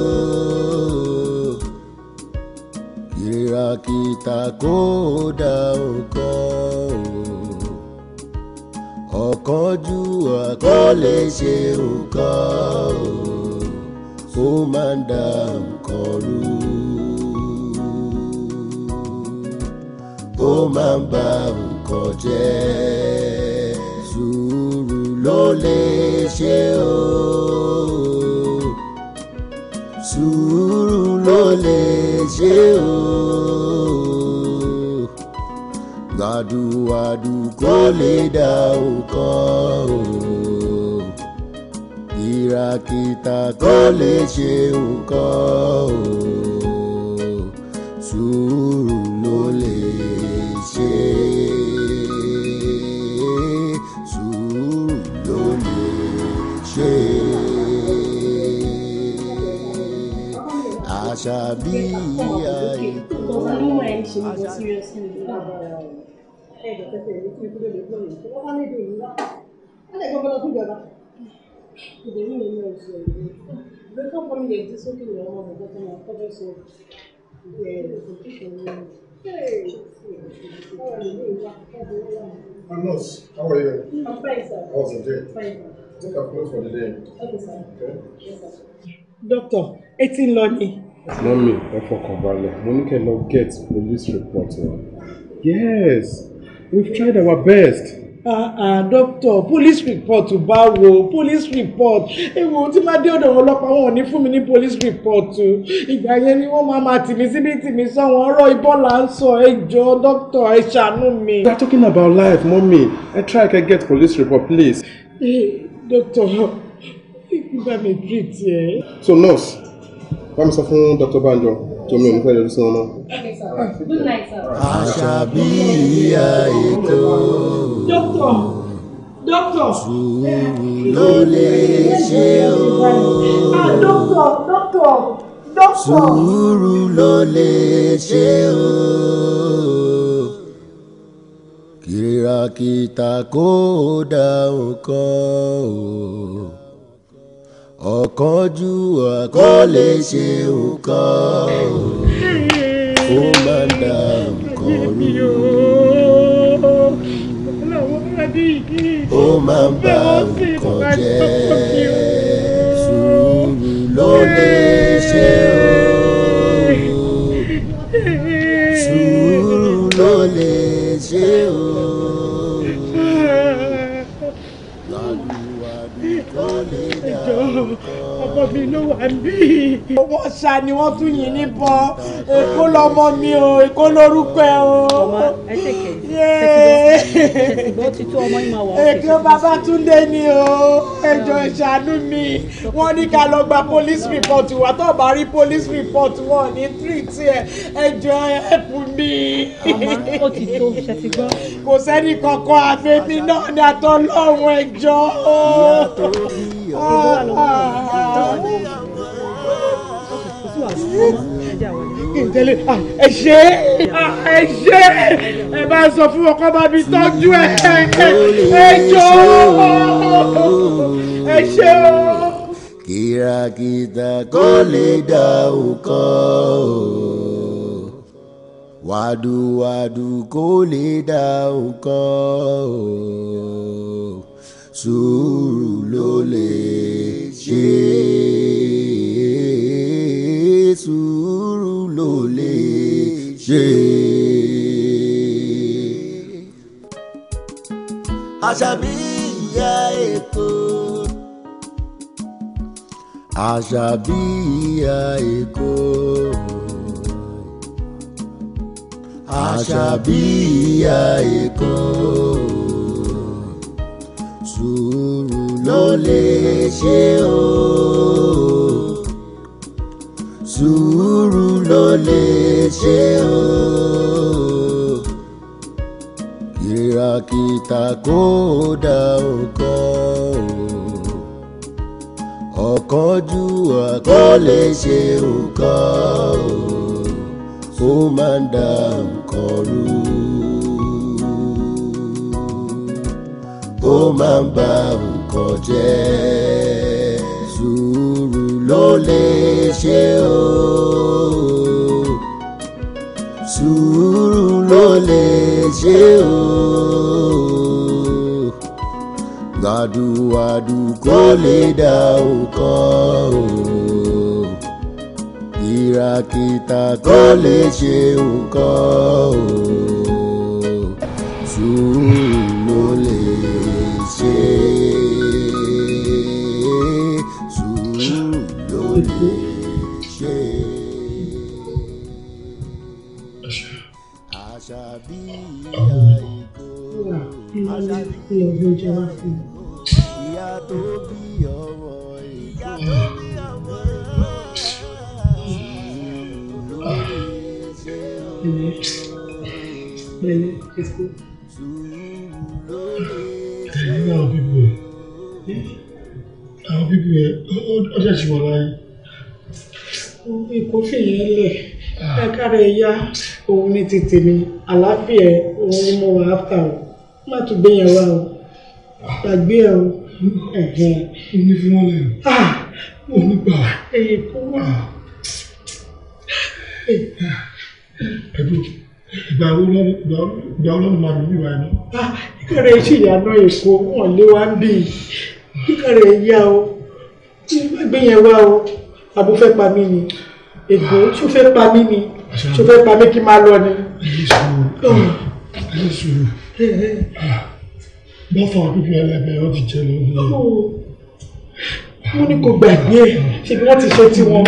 ìrira kìtà kó dá ọkọ o. ọ̀kánjú àkọ́ lè ṣe nǹkan o. ó máa ń da nǹkan rú. ó máa ń ba nǹkan jẹ́ ló lè ṣe o sùúrù ló lè ṣe o gbàdúwàdù kó lè dá òkọ o kìràkìtà kó lè ṣe òkọ o sùúrù. ṣàbí ìyá ètò. how are you? I'm fine, sir. How's the day? Fine. I think for the day. Okay, sir. Okay. Yes, sir. Doctor, ẹ ti ń mọ́mí ẹ fọkàn balẹ̀ mo ní kẹ́ lọ get police report wa. yes we've tried our best. ah ah doctor police report bá wo police report ewu tí máa dé ọ̀dọ̀ ọlọ́pàá wọn ò ní fún mi ní police report o ìgbà yẹn ni wọ́n máa máa tìmí síbí tìmí sọ́wọ́n ọ̀rọ̀ ìbọn là ń sọ ẹ doctor ẹ ṣàánú mi. we are talking about life mọ́mí ẹ try to get police report please. Hey, eh, doctor ìgbà mi treat ẹ. so nurse wọ́n mi sọ fún Dr. Banjo tó mi ò ní fẹ́ lórí sí wọn náà. good night ìyá ètò. dókítà dókítà. ló lè ṣe o. dókítà dókítà dókítà. sùúrù o. kìrìràkìtà kó o ọ̀kánjú àkọ́ lè ṣe nǹkan ó máa ń da nǹkan rú ó máa ń ba nǹkan jẹ́ sùúrù ló lè ṣe o sùúrù ló lè ṣe o. Lálùwàbí kò lè jọ ọmọ mi ló wà bí. owó ṣá ni wọ́n tún yìn níbọn èkó lọmọ mi o èkó lórúkọ ẹ o. ọmọ ẹ tẹkẹ èkó Babátúndé ni o ẹjọ ìṣàánú mi wọ́n ní ká lọ gba police report wà tó bá rí police report wọn ní tírìtì ẹ ẹjọ ẹpù mi. ọmọ ó ti tó ṣe ti gbọ́. kò sẹ́ni kankan àfẹ́mi náà ni àtọ́ lọ́rùn ẹjọ́ ọ̀rọ̀ ìgbọ́lá lọ́wọ́ ìtẹ̀lé ẹ ṣe ẹ ṣe ẹ bá sọ fún ọkọ bá mi tọ́jú ẹ ẹ jọ ẹ ṣe o. kìràkìtà kò lè dá òkọ́ o wàdùwàdù kò lè dá òkọ́ o sùúrù ló lè ṣe sùúrù ló lè ṣe. Àṣàbí ìyá Èkó. Àṣàbí ìyá Èkó. Àṣàbí ìyá Èkó sùúrù ló lè ṣe o sùúrù ló lè ṣe o ìràkìtà kó dà ọkọ o ọ̀kánjúwà kó lè ṣe nǹkan o ó máa ń da nǹkan rú. ó máa ń ba nǹkan jẹ́ sùúrù ló lè ṣe o sùúrù ló lè ṣe o gbàdúwàdù kó lè dá nǹkan o ìràkìtà kó lè ṣe nǹkan o sùúrù. pẹ̀lẹ́ èkó. tẹ̀lé àwọn bíbù ẹ̀ àwọn bíbù ẹ̀ ó dẹ̀ ṣì wà láyé. èkó fìyẹn lẹ̀ kákàrà ah. ẹ̀ yá òun ní ti tèmi àlàáfíà òun ni mo wà á ta o má tún gbé yẹn wá o gbàgbé ẹ o. mo ní fún wọn lẹ́nu ah! mo ní gbà. èkó wà. ẹ̀dùn ìgbà wo lọ ìgbà wo lọ mọ àbí wa ni. Ah, wọn lé wa ń bì í kíkàrẹ̀ yá o tí gbé yẹn wá o àbò fẹ́ pa mí ni ègbò tó fẹ́ pa mí ni tó fẹ́ pa mí kí n máa lọ ni. ayé sòrò ayé ah. sòrò bọ́fà dúdú ẹlẹ́bẹ̀ẹ́ ó ti jẹ lọ́wọ́ wọ́n ní kò gbàgbé ṣe bí wọ́n ti ṣe tiwọn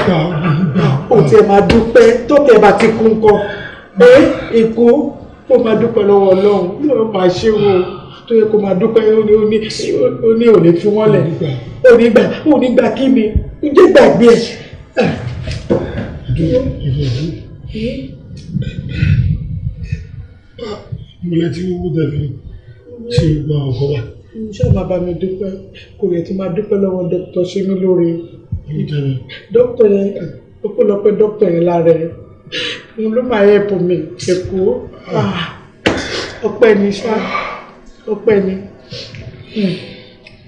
ò tiẹ̀ máa dúpẹ́ tó tẹ̀ bá ti kú nǹkan ẹ èkó kó máa dúpẹ́ lọ́wọ́ ọlọ́run bí wọ́n máa ṣe wo tó yẹ kó máa dúpẹ́ oní òní fi wọ́n lẹ̀ onígbà onígbà kí ni ǹjẹ́ gbàgbé ẹ̀. mo lè ti wúwo dẹ̀bi ṣe gba ọkọ wa. iṣẹ́ máa bá mi dúpẹ́ kò yẹ kí n máa dúpẹ́ lọ́wọ́ dókítà ṣe mí lóore. dókítà yẹn ọ̀pọ̀lọpọ̀ dókítà yẹn lára ẹ̀ òun ló máa help mi èkó ah, ọpẹ́ ni ṣá ọpẹ́ ni. Hmm.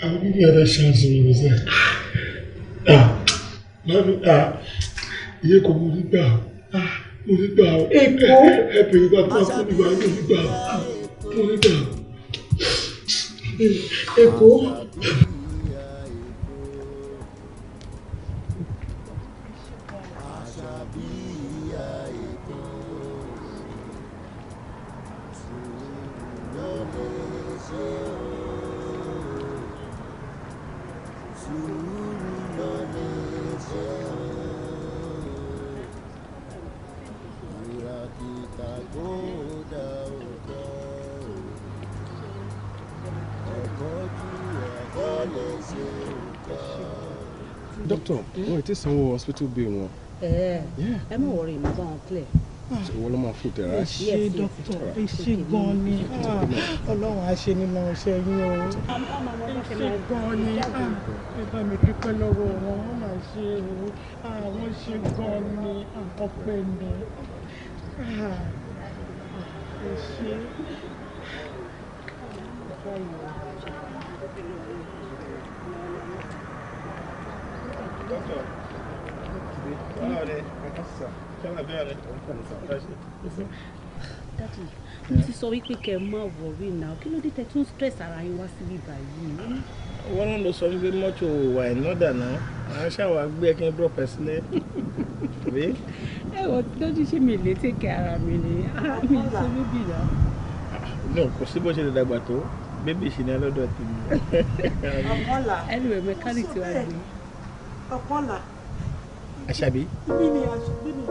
I'll ah, give you another chance to be there. Ah, mami, ah, iye kò mú mi gbà ó, ah, mú mi gbà ó. Èkó. Ẹ pè é bàbá mi wá, mú mi gbà mú mi gbà Èkó. doctor wọn ti sanwó hospital bill wọn. ẹ ẹ má wọrí ìmọ̀ bá wọn clear. ìwọ ah. ló máa fún tẹ ra. ẹ ṣe doctor ẹ ṣe gan ni ah, ọlọ́run á ṣe nínú ọṣẹ yín o ẹ ṣe gan ni ah, ẹ bá mi dúpẹ́ lọ́wọ́ wọn wọn máa ṣe o àwọn ṣe gan ni ọpẹ́ ni ẹ ṣe. dadi mo ti sọ wípé kẹ ẹ má wọrí náà kí ló dé tẹ tún stress ara yín wá síbí báyìí. wọ́n náà lọ sọ wípé mọ́tò wà ìnọ́dà náà à ń ṣàwà gbé kí n drop ẹ sílẹ̀ rí. ẹ wọ dọ́jú ṣé mi lè tẹ̀kẹ́ ara mi ni ah, mi ṣe bíbí náà. no kò sí bó ṣe lè dàgbà tó bébì ṣì ní alọ́dọ̀ tèmi. ọ̀pọ̀lá ẹnu ẹ̀ mẹkáníìkì wa gbé. ọ̀pọ̀lá àṣàbí. ibi ni àṣàbí ni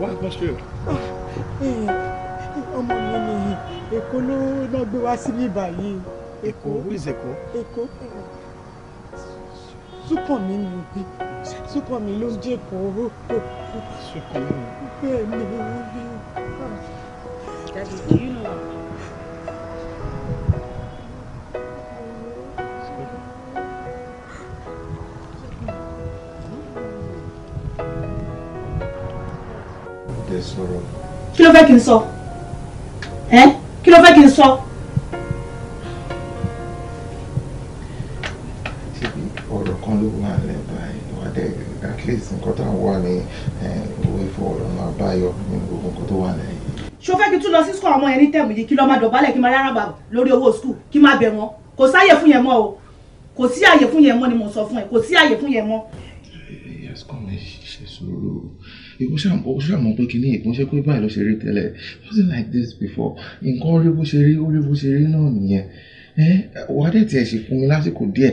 wá gbọ́ sí o. Ah, ọmọ mi ni èkó ló náà gbé wá síbí báyìí. èkó ni òbí súnkànmí ló ń jẹ́ èkó. súnkànmí ni. Daddy, do you know sọ̀rọ̀. kí ló fẹ́ kí n sọ ẹ́ kí ló fẹ́ kí n sọ. ṣebí ọ̀rọ̀ kan ló wà lẹ́bàá ìwádẹ́ at least nǹkan tá à ń wà ní owó ìfowópamọ́ àbáyọ nínú gbogbo nǹkan tó wà lẹ́yìn. ṣó fẹ́ kí n tún lọ sí school ọmọ yẹn ní tẹ̀mù yìí kí lọ́ọ́ máa dọ̀bálẹ̀ kí n máa rárá lórí owó school kí n máa bẹ̀ wọ́n kò sáyè fún yẹn mọ́ o kò sí àyè fún yẹn mọ́ ni mo sọ fún ẹ kò sí àyè fún yẹn mọ́. ìyá sọ́kọ́ mi ṣe sùúrù ó ṣàmọ pé kí ní ìkúnṣẹ́ pé báyìí ló ṣe rí tẹ́lẹ̀ wasn't like this before nǹkan rí bó ṣe rí ó rí bó ṣe rí náà nìyẹn wà á dẹ̀ tiẹ̀ ṣe fún mi lásìkò díẹ̀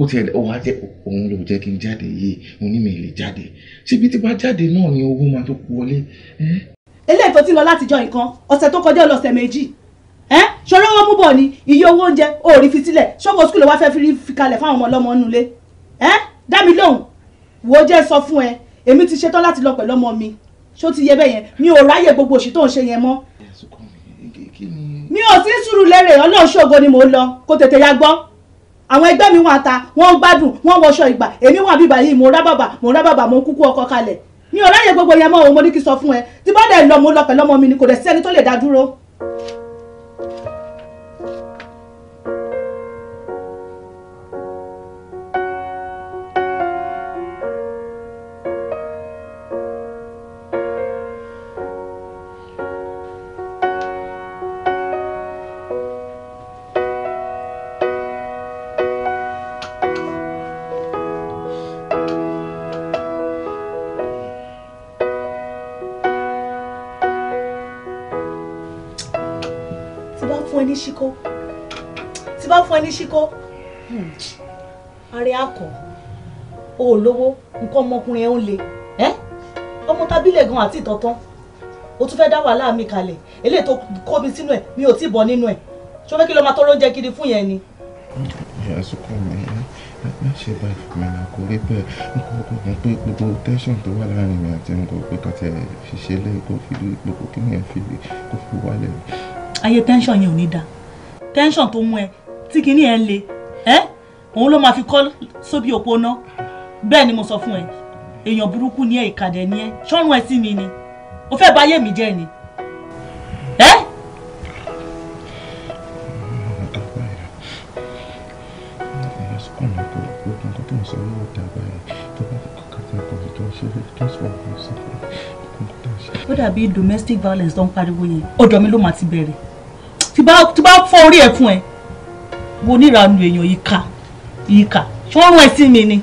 ó tiẹ̀ wà á jẹ́ òun ló jẹ́ kí n jáde yìí mo ní mi lè jáde síbi tí bá jáde náà ni owó máa tó kú wọlé. eléyìí tó ti lọ látijọ́ nǹkan ọ̀sẹ̀ tó kọjá lọ́sẹ̀ méjì ṣọlá wọn mú bọ̀ ni iye owó oúnjẹ òòrì fi sílẹ̀ ṣọ́gbọ̀n skul wa fẹ́ fi kalẹ̀ fáwọn ọmọ ọlọ́mọ nulẹ̀ dá mi lóhùn wò ó jẹ́ sọ fún ẹ èmi ti ṣetán láti lọ pẹ̀lú ọmọ mi ṣó ti yẹ bẹ́ẹ̀ yẹn mi ò ráyè gbogbo òṣì tó ń ṣe yẹn mọ́. mi ò sí sùúrù lérè ọlọ́run ṣògo ni mò ń lọ kó tètè ya gbọ́ àwọn ẹgbẹ́ mi wà ta wọ́n gbádùn wọ́n wọṣọ ìgbà èmi wà bíbà yìí mo rá bàbà mo rá bàbà mo kúkú ọkọ kalẹ̀ mi ò ráyè gbogbo yẹn mọ́ òun mo ní kí sọ fún ẹ tí bá dẹ̀ lọ mo lọ pẹ̀lú ọmọ mi ni kò dẹ̀ sí tó lè dá dúró. lówó nǹkan ọmọkùnrin ẹ̀ ń le ẹ́ ọmọ tábílẹ̀ gan àti ìtọ̀tán o tún fẹ́ dá wàhálà mi kalẹ̀ eléyìí tó kó mi sínú ẹ̀ mi ò tíì bọ́ nínú ẹ̀ ṣé o fẹ́ kí ló máa tọrọ oúnjẹ kiri fún yẹn ni. ìyá sọkọ mi má ṣe bá ìfòmìnà kò rí bẹ́ẹ̀ n kò kò mọ̀ pé gbogbo tẹ́sán tó wà láàrin mi àti nǹkan pé kàtẹ́ ṣiṣẹ́ lẹ́yìn kó fi lórí gbogbo kí yẹn fi kó fi wálẹ̀. ayé tẹ́ńsán yẹn ò ní da tẹ́ńsán tó mú ẹ tí kinní ẹ le ẹ òun ló máa fi kọ́ sóbì òpó náà bẹ́ẹ̀ ni mo sọ fún ẹ èèyàn burúkú ni ẹ ìkàdẹ̀ ni ẹ ṣọ́run ẹ sí mi ni o fẹ́ báyé mi jẹ́ ni. ó dàbí domestic violence tó ń pariwo yẹn ọ̀dọ̀ mi ló máa ti bẹ̀rẹ̀ tí bá fọ́ orí ẹ̀ fún ẹ wo níranú èèyàn yìí kà yìí kà ṣọ́run ẹ sí mi ni.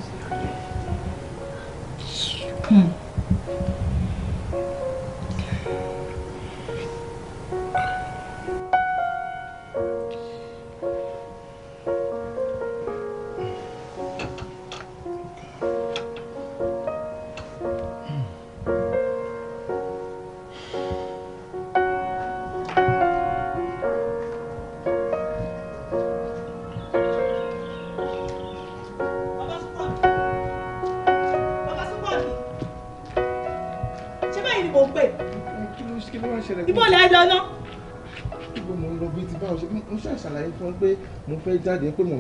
mo fẹ́ jáde pé mo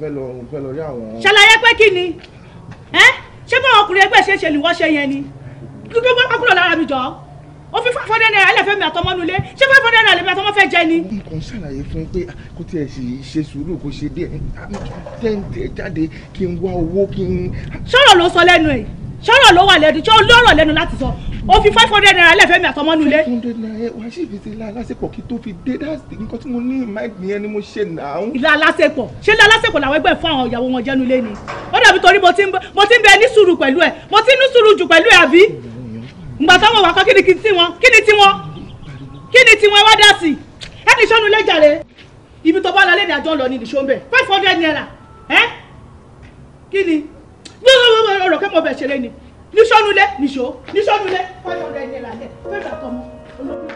fẹ́ lọ mo fẹ́ lọ rí àwọn. ṣàlàyé pé kí ni ṣé báwọn ọkùnrin ẹgbẹ́ ṣe ṣe ni wọ́n ṣe yẹn ni gbogbo wọn kúrò lára mi jọ ó fi five hundred naira ẹlẹ́fẹ̀ẹ́ mi àtọmọ́nu lé ṣé five hundred naira lèmi àtọmọ́ fẹ́ jẹ ni. nǹkan ṣàlàyé fún yín pé ah, kó tiẹ̀ sì ṣe sùúrù kó ṣe díẹ̀ ah, tẹ́ǹtẹ̀ jáde kí n wá owó kí n. sọ̀rọ̀ ló sọ lẹ́nu ẹ̀ sọ̀rọ̀ ló wà lẹ́nu tí ó lọ́rọ̀ lẹ́nu láti sọ o fi five hundred naira lẹ́fẹ̀ẹ́ mi àtọmọ́ nulẹ̀. five hundred naira wàá sì fi La lálásẹ̀pọ̀ kí tó fi dé dáàsì nǹkan tí mo ní ìmáìgbìn yẹn ni mo ṣe náà. lálásẹ̀pọ̀ ṣé lálásẹ̀pọ̀ làwọn ẹgbẹ́ fún àwọn ìyàwó wọn jẹ́nu lé ni ó dàbí torí mo ti ń bẹ ní sùúrù pẹ̀lú ẹ̀ mo ti ní sùúrù jù pẹ̀lú ẹ̀ àbí ìgbà táwọn wà kọ́ kí ni tiwọn kí ni tiwọn kí ni tiwọn ẹ wá dá sí ẹ ní sọ́nu lẹ́jàre ibi tó bá lọ lẹ́dàá jọ lọ ní nìṣó ń bẹ̀ five hundred naira ẹ kí ni gbọ́dọ̀ ọ̀rọ̀ kẹ́mọ̀ bẹ̀ ṣeré ni níṣọ́nulẹ̀ níṣó níṣọ́nulẹ̀ five hundred naira lẹ̀ fẹ́ẹ́ bàtọ́ mọ́ olóògbé.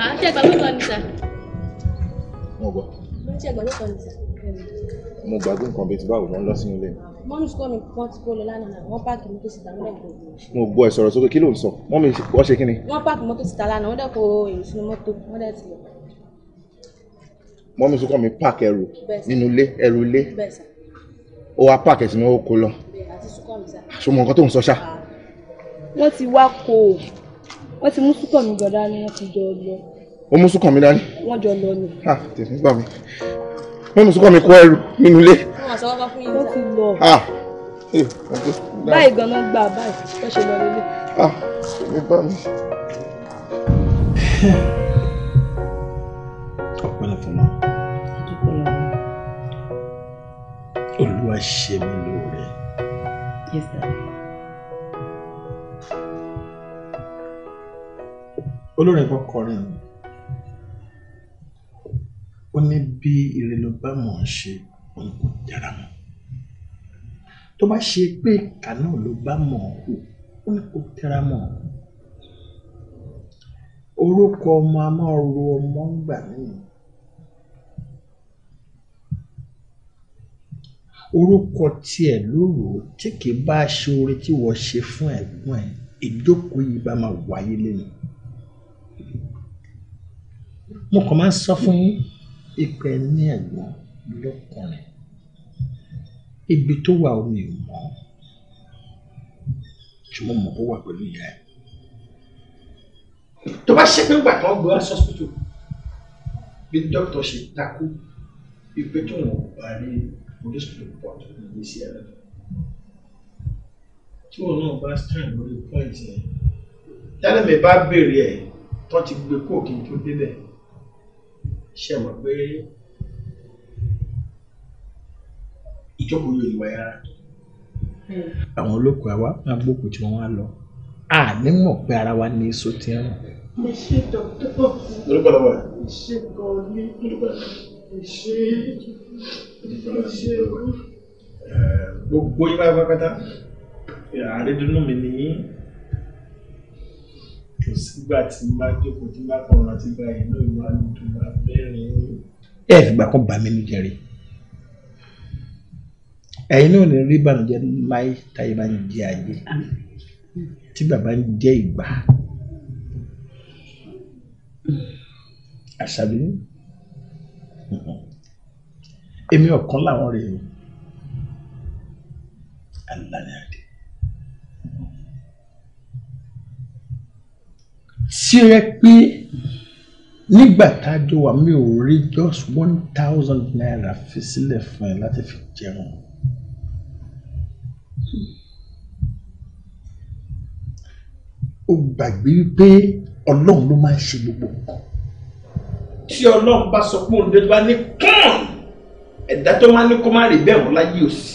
Ah, mo gbàgbé nǹkan bíi ti báwo mo ń lọ sí ilé. mọ́mí sọ mi wọ́n ti kó lọ lánàá wọ́n páàkì mọ́tò síta wọ́n dẹ̀ kó. mo gbọ́ ẹ sọ̀rọ̀ sókè kí ló ń sọ mọ́mí wọ́n ṣe kí ni. wọ́n páàkì mọ́tò síta lánàá wọ́n dẹ̀ kó èrò sínú mọ́tò wọ́n dẹ̀ tilẹ̀. mọ́mí sọ mi páàkì ẹrù nínú ilé ẹrù ilé ó wá páàkì sínú ó kó lọ. àṣomọ nǹkan tó ń sọ ṣá. wọ́n ti wá kó o wọ́n ti mú súkọ̀ mi gbọ̀dá ni o mú súnkàn mi dání. wọ́n jọ lọ ni. ah tèmi gbà mí wọ́n mú súnkàn mi kó ẹrù nínú ilé. wọ́n àṣọ wákà fún yín ló ti lọ. ah báyìí gan-an gbà báyìí wọ́n ṣe lọ nílé. ah tèmi gbà mí. ọ̀pẹ̀lẹ̀ fún wa olúwa ṣe mí lóore. yes sir. olórin kan kọrin ó ní bí ire ló bá mọ̀ ọ́n ṣe òun kò jára mọ́ tó bá ṣe pé ìkà náà ló bá mọ̀ ọ́n hù ó ní kò tẹra mọ́ ọ́n orúkọ ọmọ a máa ro ọmọ ń gbà nínú orúkọ tiẹ̀ ló rò ó tí kì í bá ṣe oore tí wọ́n ṣe fún ẹ̀gbọ́n ẹ̀ ìjókòó yìí bá máa wáyé lẹ́nu mo kàn máa ń sọ fún yín ìpè ní ẹ̀gbọ́n lọ́kùnrin ibi tó wà omi ò mọ́ ṣùgbọ́n mọ̀ kó wà pẹ̀lú ìyá ẹ̀. tó bá ṣe pé ń gbà tán gbé wá sọ́sìpítù bí dókítà ṣe takú ìpè tó wọn bá rí police report ní sí ẹ̀rọ tí wọn náà bá stand lórí point yẹn tẹ́lẹ̀ mi bá béèrè ẹ̀ tó ti gbé kóòkì tó débẹ̀ ṣe mọ̀ pé ìjókòó yóò yí wa yára. àwọn olókùn àwa máa gbókùn tí wọ́n wá lọ a ní mọ̀ pé ara wa ní èso ti ń mo ṣe dọ́kítọ̀ mo ṣe gan ní lórúkọ mo ṣe mo ṣe. gbogbo yín bá àrídùnnú mi nìyí kò sígbà tí n bá jókòó tí n bá kọ̀ọ̀rọ̀ àti gba ìlú ìwà lùdùn abẹ́rẹ́. ẹ fìgbà kan bà mí nu jẹrè ẹ̀yin náà ní rí ìbànújẹ́ láì táyé bá ń jẹ ayé tí bàbá ń jẹ ìgbà àṣàbí èmi ọ̀kan làwọn rèé àlàyé. sí rẹ pé nígbà tá a jọ wà mí ò rí just one thousand naira fi sílẹ̀ fún ẹ láti fi jẹun. ó gbàgbé wípé ọlọ́run ló máa ń ṣe gbogbo nǹkan. tí ọlọ́run bá sọ pé òun dédé bá ní kán ẹ̀dá tó máa ní kó má rí bẹ́ẹ̀ wọ́n láyé òsì.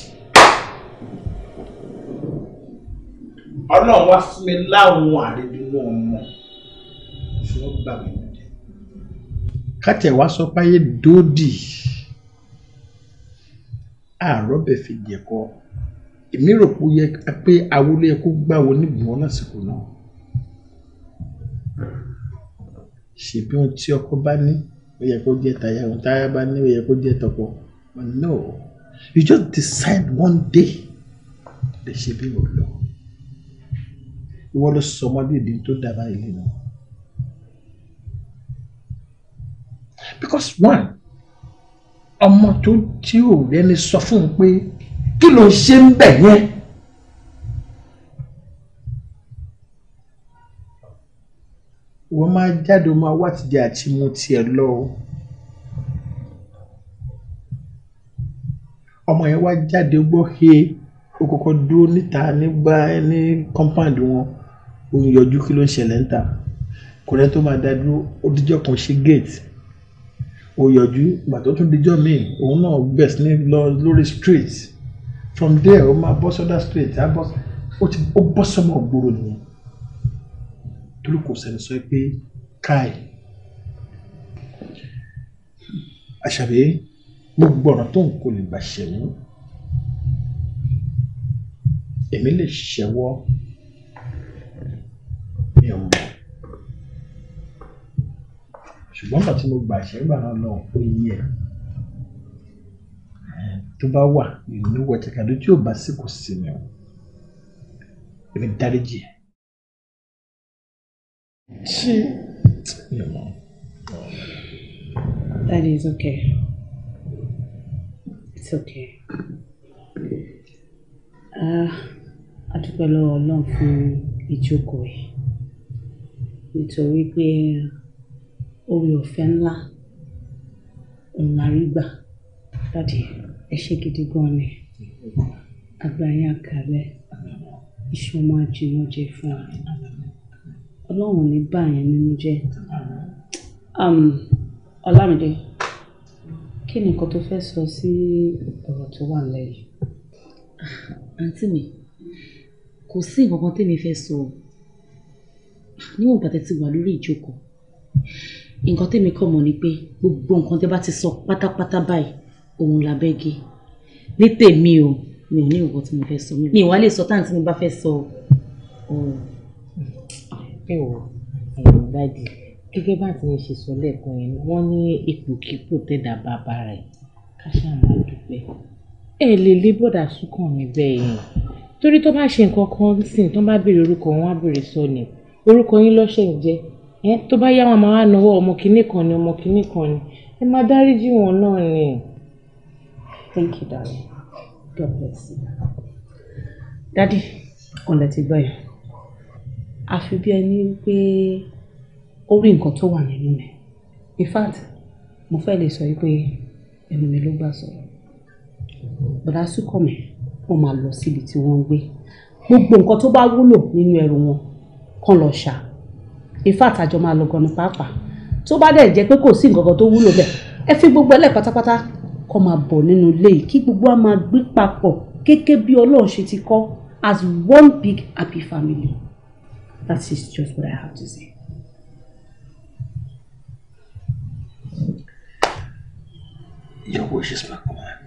ọlọ́run wá fún mi láwọn àrídìmọ́ ọmọ wọ́n gbà mí lóde kátẹ̀ wá sọ páyé dòdì àárọ̀ bẹ̀ fi jẹ̀kọ èmi rò pé yẹ pé awolé yẹ kó gbà wọ nígbìmọ̀ lásìkò náà ṣèbí ohun tí ọkọ bá ní ó yẹ kó jẹ táyà ohun táyà bá ní ó yẹ kó jẹ tọkọ but no you just decide one day lè ṣe bí mo lọ ìwọ ló sọ ọmọdé ìdí tó dábàá ilé náà. because one ọmọ tó tí ò rẹni sọ fún un pé kí ló ń ṣe ń bẹ̀ yẹn. wọ́n máa jáde máa wá ti di àti mu tiẹ̀ lọ ọmọ yẹn wá jáde gbọ́ he ó dúró níta nígbà ní compound wọn ó yọjú kí ló ń ṣẹlẹ̀ níta kò rẹ́ tó máa dá dúró ó díjọ́ kan ṣe gate ó yọjú ìgbà tó tún dijọ́ míì òun náà bẹ̀ sí ní lọ lórí street from there ó máa bọ́ sọ́dá street á bọ́ ó bọ́ sọ́mọ̀ gbòòrò nìyẹn torí kò sẹ́ni sọ pé káì àṣàbí gbogbo ọ̀nà tó ń kó lè gbà ṣẹ̀mí èmi lè ṣẹ̀wọ́ ṣùgbọ́n pàtó mo gbà ṣẹ́ gbà náà náà ó yí ẹ̀ tó bá wà ìlú wọ̀tẹ̀kadó tí ò bá sì kò sí ni o èmi dáríjì ẹ̀ ṣé mi ò mọ̀. That is okay. It's okay. Ah, a dúpẹ́ lọ́wọ́ Ọlọ́run fún ìjókòó yìí nítorí pé. Uh, oore ọ̀fẹ́ ńlá òun la rí gbà dáàdì ẹ ṣe gidi gan ni agbáyé àkàlẹ iṣu ọmọ àjùmọ̀ jẹ fún wa ọlọ́run ní bà yẹn nínú jẹ́ um, ọlámídé kí ni nǹkan tó fẹ́ sọ sí ọ̀rọ̀ tó wà nílẹ̀ àǹtí mi kò sí nǹkan kan tèmi fẹ́ sọ níwọ̀n bàtẹ́ ti wà lórí ìjókòó nǹkan tèmi kọ̀ mọ̀ ni pé gbogbo nǹkan tẹ́ bá ti sọ pátápátá báyìí òun làbẹ́ gé ní tèmi o mi ò ní nǹkan tí mo fẹ́ sọ mi ìwà lè sọ táǹtí mi bá fẹ́ sọ ọ̀rọ̀. ẹ wọ ẹ̀yin dáàdi gẹ́gẹ́ bá ti ń ṣe sọ lẹ́ẹ̀kan yẹn wọ́n ní ipòkípò tẹ̀dá bàbá rẹ̀ ká ṣáà máa dúpẹ́ ẹ lè lé bọ́dà súnkàn mi bẹ́ẹ̀ yẹn torí tó bá ṣe nǹkan kan sìn tó bá béèrè orúkọ wọn á béèrè sọ ni orúkọ yín lọ́ṣẹ̀ ń jẹ́ ẹ tó bá yá wọn máa wá náwó ọmọ kìíní kan ni ọmọ kìíní kan ni ẹ máa dáríjì wọn náà ni. thank you darling god bless you. dadi ọ̀lẹ̀ ti gbọ́ yẹn àfi bí ẹni pé ó rí nǹkan tó wà nínú mi in fact mo fẹ́ lè sọ pé ẹnu mi ló gbà sọ̀rọ̀ bọ̀dá Súnkànmí wọ́n máa lọ síbi tí wọ́n ń gbé gbogbo nǹkan tó bá wúlò nínú ẹrù wọn kàn lọ ṣáà ìfá àtàjọ máa lọ gan ni pàápàá tó bá dẹ̀ jẹ́ pé kò sí nǹkan kan tó wúlò bẹ́ẹ̀ ẹ fi gbogbo ẹlẹ́ pátápátá kọ́ máa bọ̀ nínú ilé yìí kí gbogbo wa máa gbé papọ̀ kéké bí ọlọ́run ṣe ti kọ́ as one big happy family that is just what I have to say. Your wish is my command.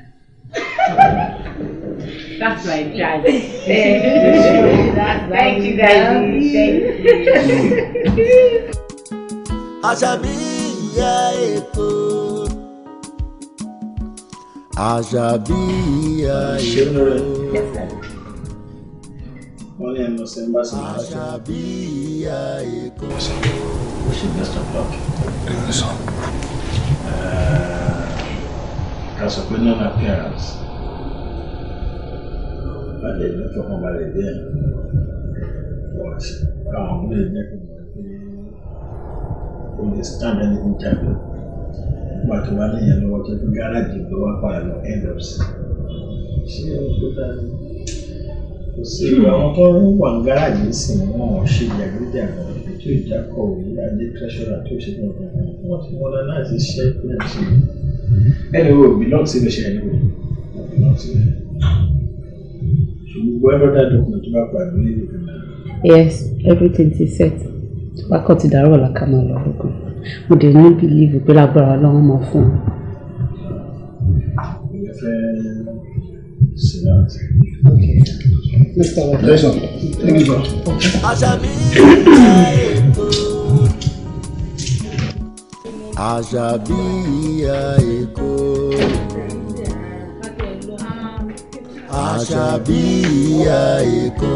That's my daddy. Thank you, daddy. Thank you. Àṣàbí ìyá Èkó. Àṣàbí ìyá Èkó. Wọ́n ní ẹnu ọ̀sẹ̀ ń bá sí ìyá Èkó. Àṣàbí ìyá ká sọ pé non appearance má lè ní ìfọkànbalẹ̀ díẹ̀ káwọn ọmọdé ní ìfọkànbalẹ̀ pé o lè stand anything time nígbà tó wá níyẹn lọ́wọ́ tó fi gáràjì ló wá pa àlọ́ end up sí ṣé o tó dáa kò sí ìwà àwọn tó ń wà ní gáràjì sìn wọn ò ṣe jàgídíjàgan ètò ìdákọ̀wé adé treasurer tó ṣe náà wọ́n ti mọ́ra láti ṣe é pé àṣeyọrí. Mm-hmm. anyway we belong síbẹ̀ ṣe anyway we belong síbẹ̀ ṣùgbọ́n ẹ̀rọ dáadọ́ kan tó bá pa ìlú lẹ́yìn ìgbà. yes everything ti set tó bá kàn ti dàrú ọ̀la ká máa lọ lókun mo dẹ̀ ní bílíìfù pé lágbára ọlọ́run máa fún un. okay sir. Mr. thank you, àṣàbí ìyá èkó. àṣàbí ìyá èkó.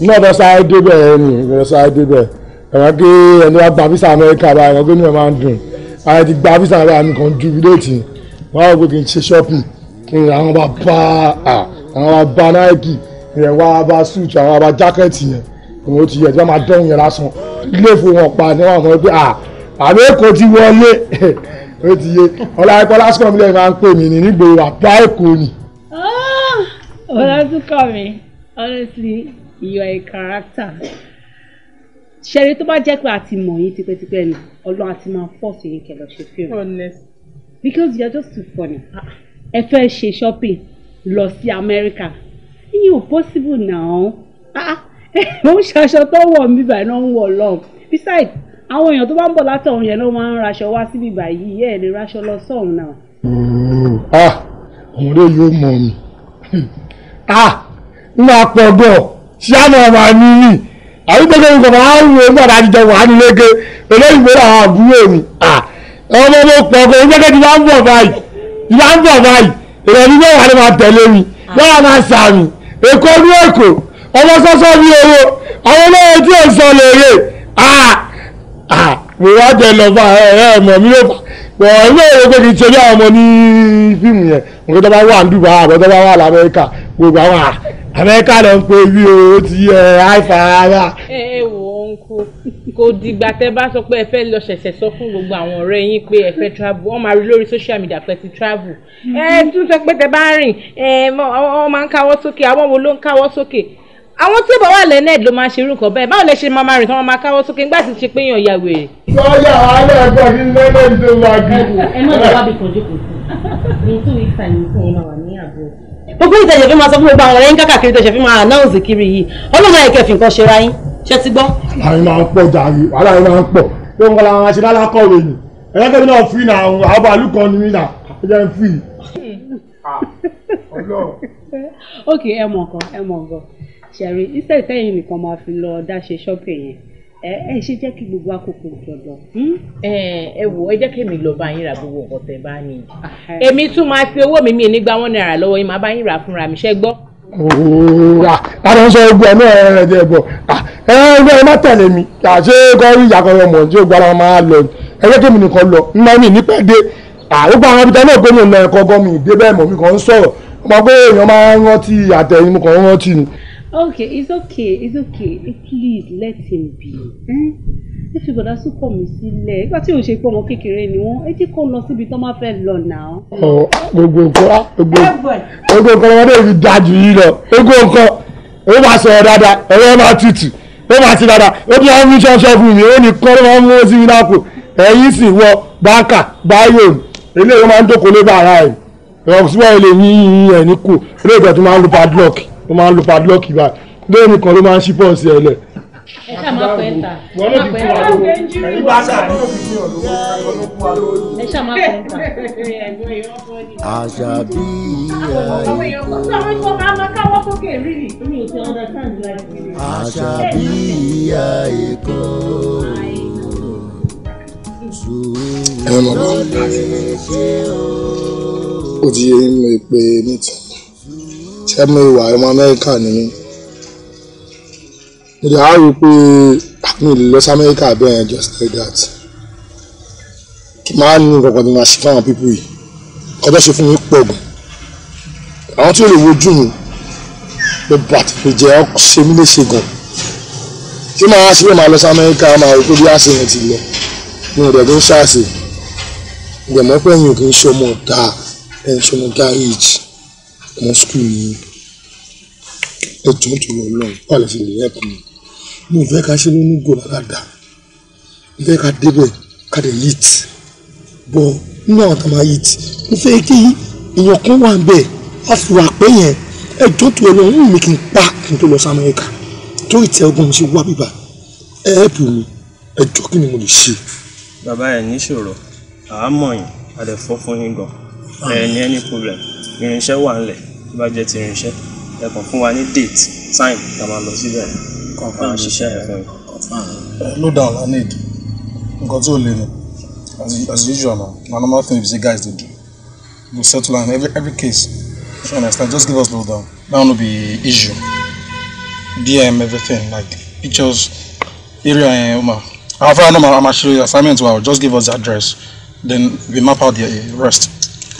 ní ọ̀dọ̀ sáré débẹ̀ ẹ ní ọ̀dọ̀ sáré débẹ̀ ẹ̀wọ̀n pé ẹni wá gba visa amẹ́ríkà báyìí ẹ̀wọ̀n pé ní ẹ̀ máa ń dùn ààrẹ ti gba visa amẹ́ríkà mi kàn ju bíléètì wọ́n á pé kì í ṣe shopping kí ni àwọn bá bá àwọn bá náírà kì wá bá suit àwọn bá jákẹ́ẹ̀tì yẹn òun ti yẹ tí wọ́n máa dán òun yẹn lásán ilé ìfowópamọ́ pa ni wọ́n mọ̀ pé à àbí èkó ti wọlé ó ti yé ọláyẹpọ lásìkò mi lẹ́yìn máa ń pè mí ní nígboro àbá èkó ni. Ah, ọlọ́dúnkọ̀mí honestly you are a character ṣẹ́ni tó bá jẹ́ pé a ti mọ̀ yín tipẹ́tipẹ́ ni ọlọ́run àti máa force yín kẹ́ lọ ṣe fíìmù because you are just too funny ẹ fẹ́ ṣe shopping lọ sí America yín ò possible now. Ah ó ń ṣaṣọ tó wọ̀ ń bíbà iná ń wọ̀ lọ́n besides àwọn èèyàn tó bá ń bọ̀ látọ̀hún yẹn ló máa ń raṣọ wá sí bíbà yìí ẹ̀ lè raṣọ lọ sọ́hún náà. Mm. ah ọ̀rẹ́ yóò mọ̀ mi ah n máa pọ̀ bọ̀ ṣé àmọ́ ọmọ mi ni àbí gbogbo nǹkan máa ń wo nígbà láti jọ wà á nílége olóyìnbó làwọn àbúrò mi ah ọmọ mo pọ̀ bọ̀ gbẹ́gẹ́ ti máa ń bọ̀ báyìí ti máa ń bọ̀ báyìí ìrọ̀lú mẹ́wàá ni máa tẹ̀lé mi wọ́n á máa sàmì èkó ní èkó ọmọ sọ́sọ́ bí owó àwọn olóyè tí ò sọ lèrè mo wá jẹ lọ fà ẹ ẹ mọ mi ló fà wọ ilé ìwé pé kì ṣe bí àwọn ọmọ ní fíìmù yẹn mo kí tó wà ní Dubai àbọ̀ tó wà l'Amẹ́ríkà gbogbo àwọn Amẹ́ríkà ló ń pe bí o ti ẹ àìfà ara. ẹ ẹ wò ó kó dìgbà tẹ bá sọ pé ẹ fẹ́ lọ ṣẹ̀ṣẹ̀ sọ fún gbogbo àwọn ọ̀rẹ́ yín pé ẹ fẹ́ travel wọ́n máa rí lórí social media pé ti travel. ẹ tún sọ pé tẹ bá rìn ẹ wọ́n máa ń káwọ́ sókè àwọn wo ló ń káwọ́ sókè àwọn tí ó bá wà lẹ́nẹ̀d ló máa ṣe irú nǹkan bẹ́ẹ̀ báwo lẹ ṣe máa máa rìn tí wọ́n máa káwọ́ sókè nígbà tí ṣe pé èèyàn ya wèrè. sọ́yà alẹ́ ẹ̀kọ́ ní lẹ́nẹ̀d ló máa bí. ẹ má lọ wá bí kò sí ní two weeks time ní sìn máa wà ní àbúrò. gbogbo ìtẹ̀jẹ̀ fi máa sọ fún gbogbo àwọn ọ̀rẹ́ kákàkiri tẹ̀jẹ̀ fi máa announce kiri yìí ọlọ́run ẹ̀kẹ́ fi nǹkan ah, ok ẹ mọ̀ kan ẹ mọ̀ gan ṣẹ̀rí iṣẹ́ ìtẹ́yìn nìkan máa fi lọ dá ṣe ṣọ́ọ̀bù yẹn ẹ ẹ ṣe jẹ́ kí gbogbo àkókò jọ̀dọ̀. Hmm? ẹ ẹ wò ẹ jẹ́ kí èmi lọ bá yín ra gbogbo nǹkan tẹ́ bá ní. èmi tún máa fi owó mi mi nígbà wọn náírà lọ́wọ́ yín máa bá yín rà fúnra mi ṣẹ́ gbọ́. òòrà ah, láti sọ ogun ẹ náà ẹ jẹ bọ ẹ ẹgbẹ ah, ẹ má tẹ̀lé mi àṣé ah, kọrí ìyàkọrọ mọ tí ogun ara máa lọ ẹ jẹ́ kí èmi nìkan lọ nná mi nípa dé àrùkọ àwọn abidjan náà gómìnà ẹ̀kọ́ gọ́mìn débẹ̀ mọ̀ mi kàn ń sọ̀rọ̀ ọmọ pé èèyàn máa ń rántí àtẹ̀yìn mi kàn ń rántí ni okay it's okay it's okay eh, please let him be eh? ẹ fi bọ̀dá súnkọ̀ mi sílẹ̀ nígbà tí òun ṣe pé ọmọ kékeré ni wọ́n ẹ jẹ́ kó lọ síbi tó máa fẹ́ lọ náà. gbogbo nǹkan gbogbo nǹkan ọmọdé mi da jù yìí lọ gbogbo nǹkan ó máa sọ̀rọ̀ dáadáa ẹ̀rọ ẹ̀ máa tutù ó máa ti dáadáa ó bí wọ́n mú ṣọ́ṣọ́ fún mi ó ní kọ́ ló máa ń mú sí mi lápò ẹ̀yìn sì wọ báńkà báyò eléyìí ó máa ń dókòó lé bàrà ẹ̀ ẹ̀ ọ̀sùn ó máa ń lo padlock báyìí bẹ́ẹ̀ nìkan ló máa ń ṣí pọ́ọ̀sì ẹ̀ lẹ̀. ẹ bí ìyá èkó bí ìyá èkó sùúrù ló lè ṣe o. ti yé mi pé níta ṣé mo ìwà ọmọ amẹ́ríkà ni mí mo dẹ̀ á pé mi ò lè lọ bẹ́ẹ̀ yẹn just like that kí máa ní kankan ní máa ṣe fáwọn pípù yìí kọjọ́ ṣe fún mi pọ̀ gùn àwọn tí ò lè wojú mi pé bàtà ìjẹ́ ṣe mí léṣe gan tí màá ṣe pé màá lọ sí amẹ́ríkà máa rí i pé bí àṣeyàn ti lọ mi ò dẹ̀ tó ń ṣàṣe ìgbẹ̀mọ́pẹ̀yìn ò kì í ṣe ọmọ ọ̀tá ẹ̀ ń ṣe ọmọ gáríjì àwọn skul yìí ẹjọ́ tó lọ lọ wà lè fi lè ẹ̀kọ́ mi mo fẹ́ ká ṣe lónú gò ládàá mo fẹ́ ká débẹ̀ ká lè yìt bọ̀ nínú àwọn tó máa yìt mo fẹ́ kí èèyàn kan wà ń bẹ̀ wá fura pé yẹn ẹjọ́ tó lọ ń mi kí n pa kí n tó lọ sí Amẹ́ríkà tó ìtẹ́ ọgbọ́n mi ṣe wá bíbá ẹ̀ẹ́pù mi ẹjọ́ kí ni mo lè ṣe. bàbá ẹ̀ níṣòro àá mọ̀ yín a lè fọ́ fún yín gan-an ẹ ní any problem irinṣẹ́ wà ńlẹ̀ tó bá jẹ́ ti irinṣẹ́ ẹ kàn fún wa ní date time ká máa lọ síbẹ̀ confam ṣiṣẹ́ ẹ fún mi. no doubt i need nǹkan tí o lè ní as usual na na normal thing be say guys dey do we settle am every every case you understand just give us low down that no be issue dm everything like pictures area and uma however i know my show you assignment well just give us the address then we map out the eh, rest.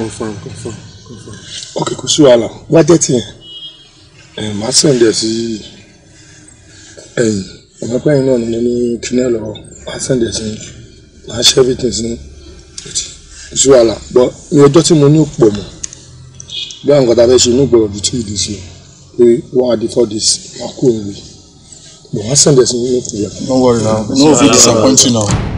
Confirm, confirm, confirm. Okay, kò sí wàhálà wá jẹ́ tiẹ̀ ẹ̀ máa sẹ̀ǹdẹ̀ sí ẹ̀yìn ọmọ pẹ́yìn náà ni mo ní kíní ẹ̀ lọ́wọ́ máa sẹ̀ǹdẹ̀ sí máa ṣe everything sí kò sí wàhálà bọ́ ní ọjọ́ tí mo ní pọ̀ mọ́ bí àwọn kọ́ta fẹ́ ṣe inú gbọ́dọ̀ ju tí ìdí sí pé wọ́n á di four days wọ́n á kó òun rí bọ̀ máa sẹ̀ǹdẹ̀ sí nínú ìpìlẹ̀. no worry now no fit disappoint you now.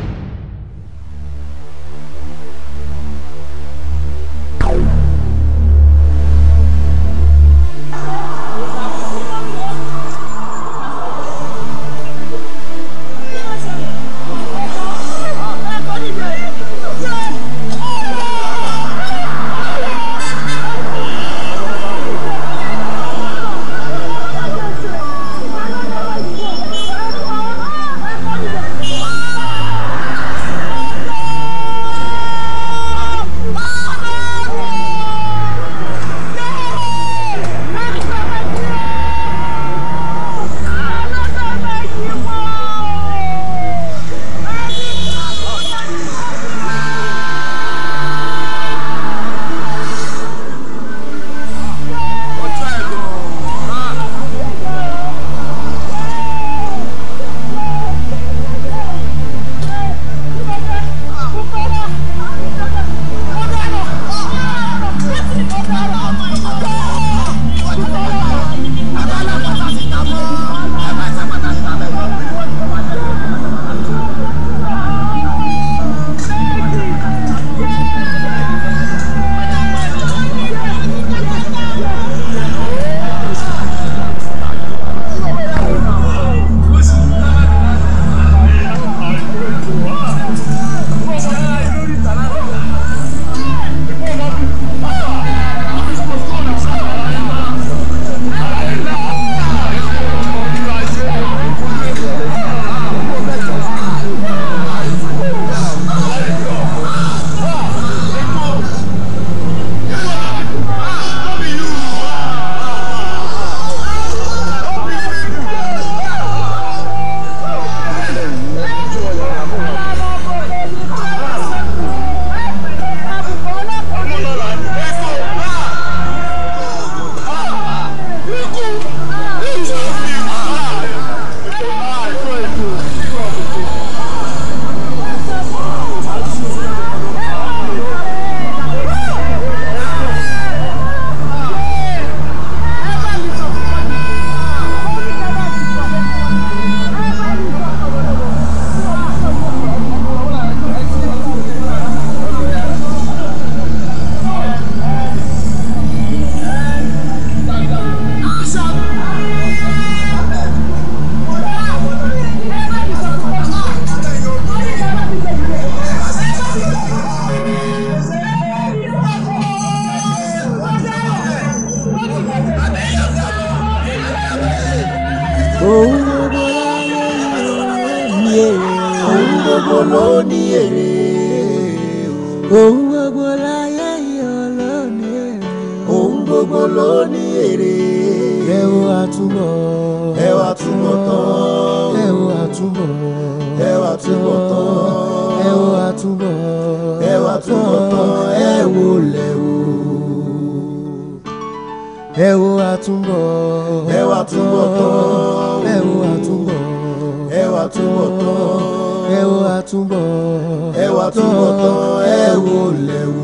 wà túbọ̀ tán ẹ wò àtúbọ̀ ẹ wà túbọ̀ tán ẹ wò lẹ́wò.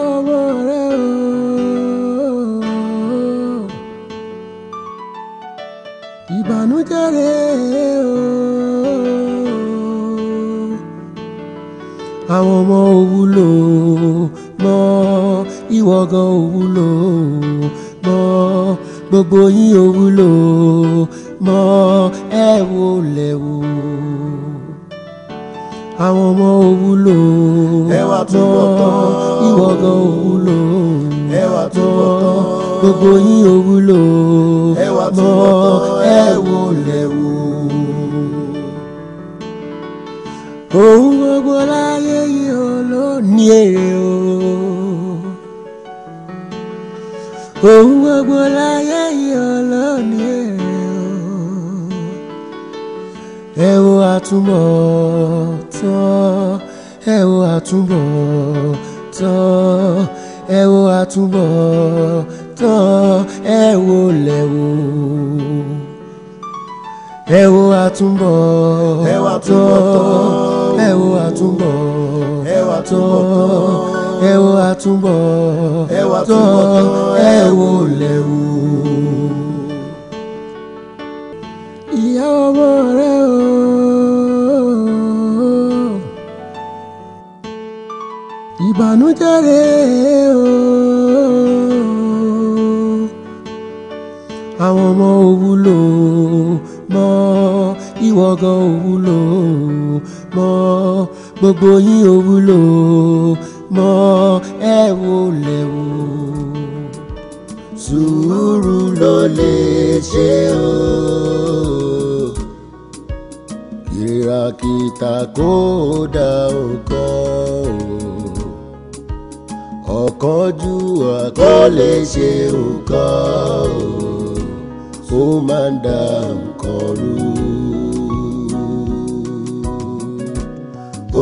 o. ìbànújẹ́ rẹ o. àwọn ọmọ òwúlò mọ ìwọ gan òwúlò gbogbo yín ò wúlò mọ́ ẹ wò lẹ́wò àwọn ọmọ ò wúlò mọ́ ìwọ̀gàn ò wúlò mọ́ gbogbo yín ò wúlò mọ́ ẹ wò lẹ́wò. òun gbogbo láyé yìí ò ló ní èrè o òun gbogbo láyé. ẹ wo àtúbọ̀tán ẹ wo àtúbọ̀tán ẹ wo àtúbọ̀tán ẹ wo lẹ́wọ̀ ẹ wo àtúbọ̀tán ẹ wo àtúbọ̀tán ẹ wo àtúbọ̀ tọ́ ẹ wo lẹ́wọ̀. ìyá ọmọ rẹ̀. ìbànújẹ́ rèé o àwọn ọmọ òwúlò mọ́ ìwọ̀gàn òwúlò mọ́ gbogbo yín òwúlò mọ́ ẹ wò lẹ́wò sùúrù ló lè ṣe o ìràkìtà kò dá ọkọ o ọ̀kánjúwà kò lè ṣe nǹkan ó máa ń da nǹkan rú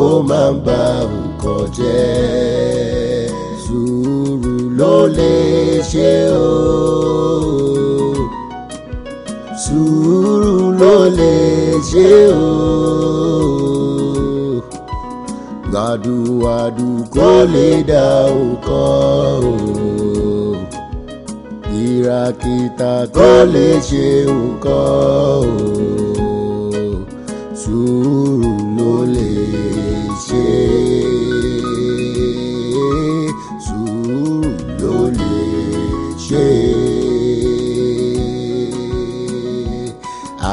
ó máa ń ba nǹkan jẹ́ sùúrù ló lè ṣe o sùúrù ló lè ṣe o àdùwàdù kó lè dá òkọ o kìràkìtà kó lè ṣe òkọ o sùúrù ló lè ṣe. sùúrù ló lè ṣe.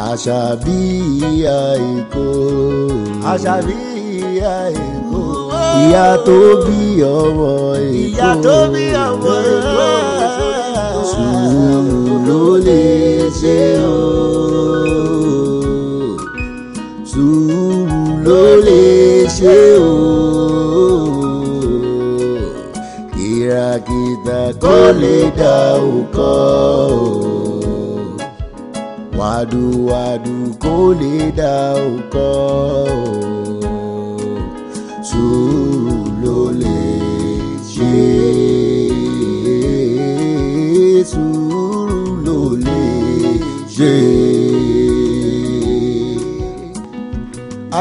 àṣà bíi àìkú. àṣà bíi àìkú ìyá tó bí ọmọ èkó sùúrù ló lè ṣe o sùúrù ló lè ṣe o kìràkìtà kò lè dá òkọ o wàdùwàdù kò lè dá òkọ o.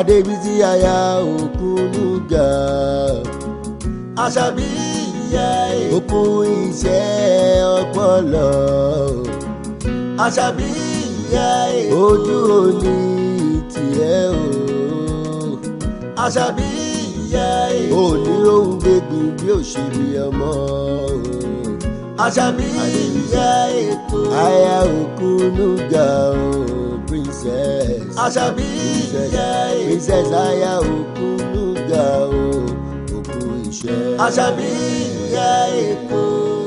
adébísí aya òkúlùgà àṣàbí ìyá òkun iṣẹ́ ọpọlọ àṣàbí ìyá ojú òní tiẹ̀ o àṣàbí ìyá òní òun gbégbé bí òṣèlú ọmọ o àṣàbí ìyá èkó àyà òkúlùgà o princess. Àṣàbí iye. Princess aya Òkúnuga o, òkú iṣẹ́. Àṣàbí iye Èkó.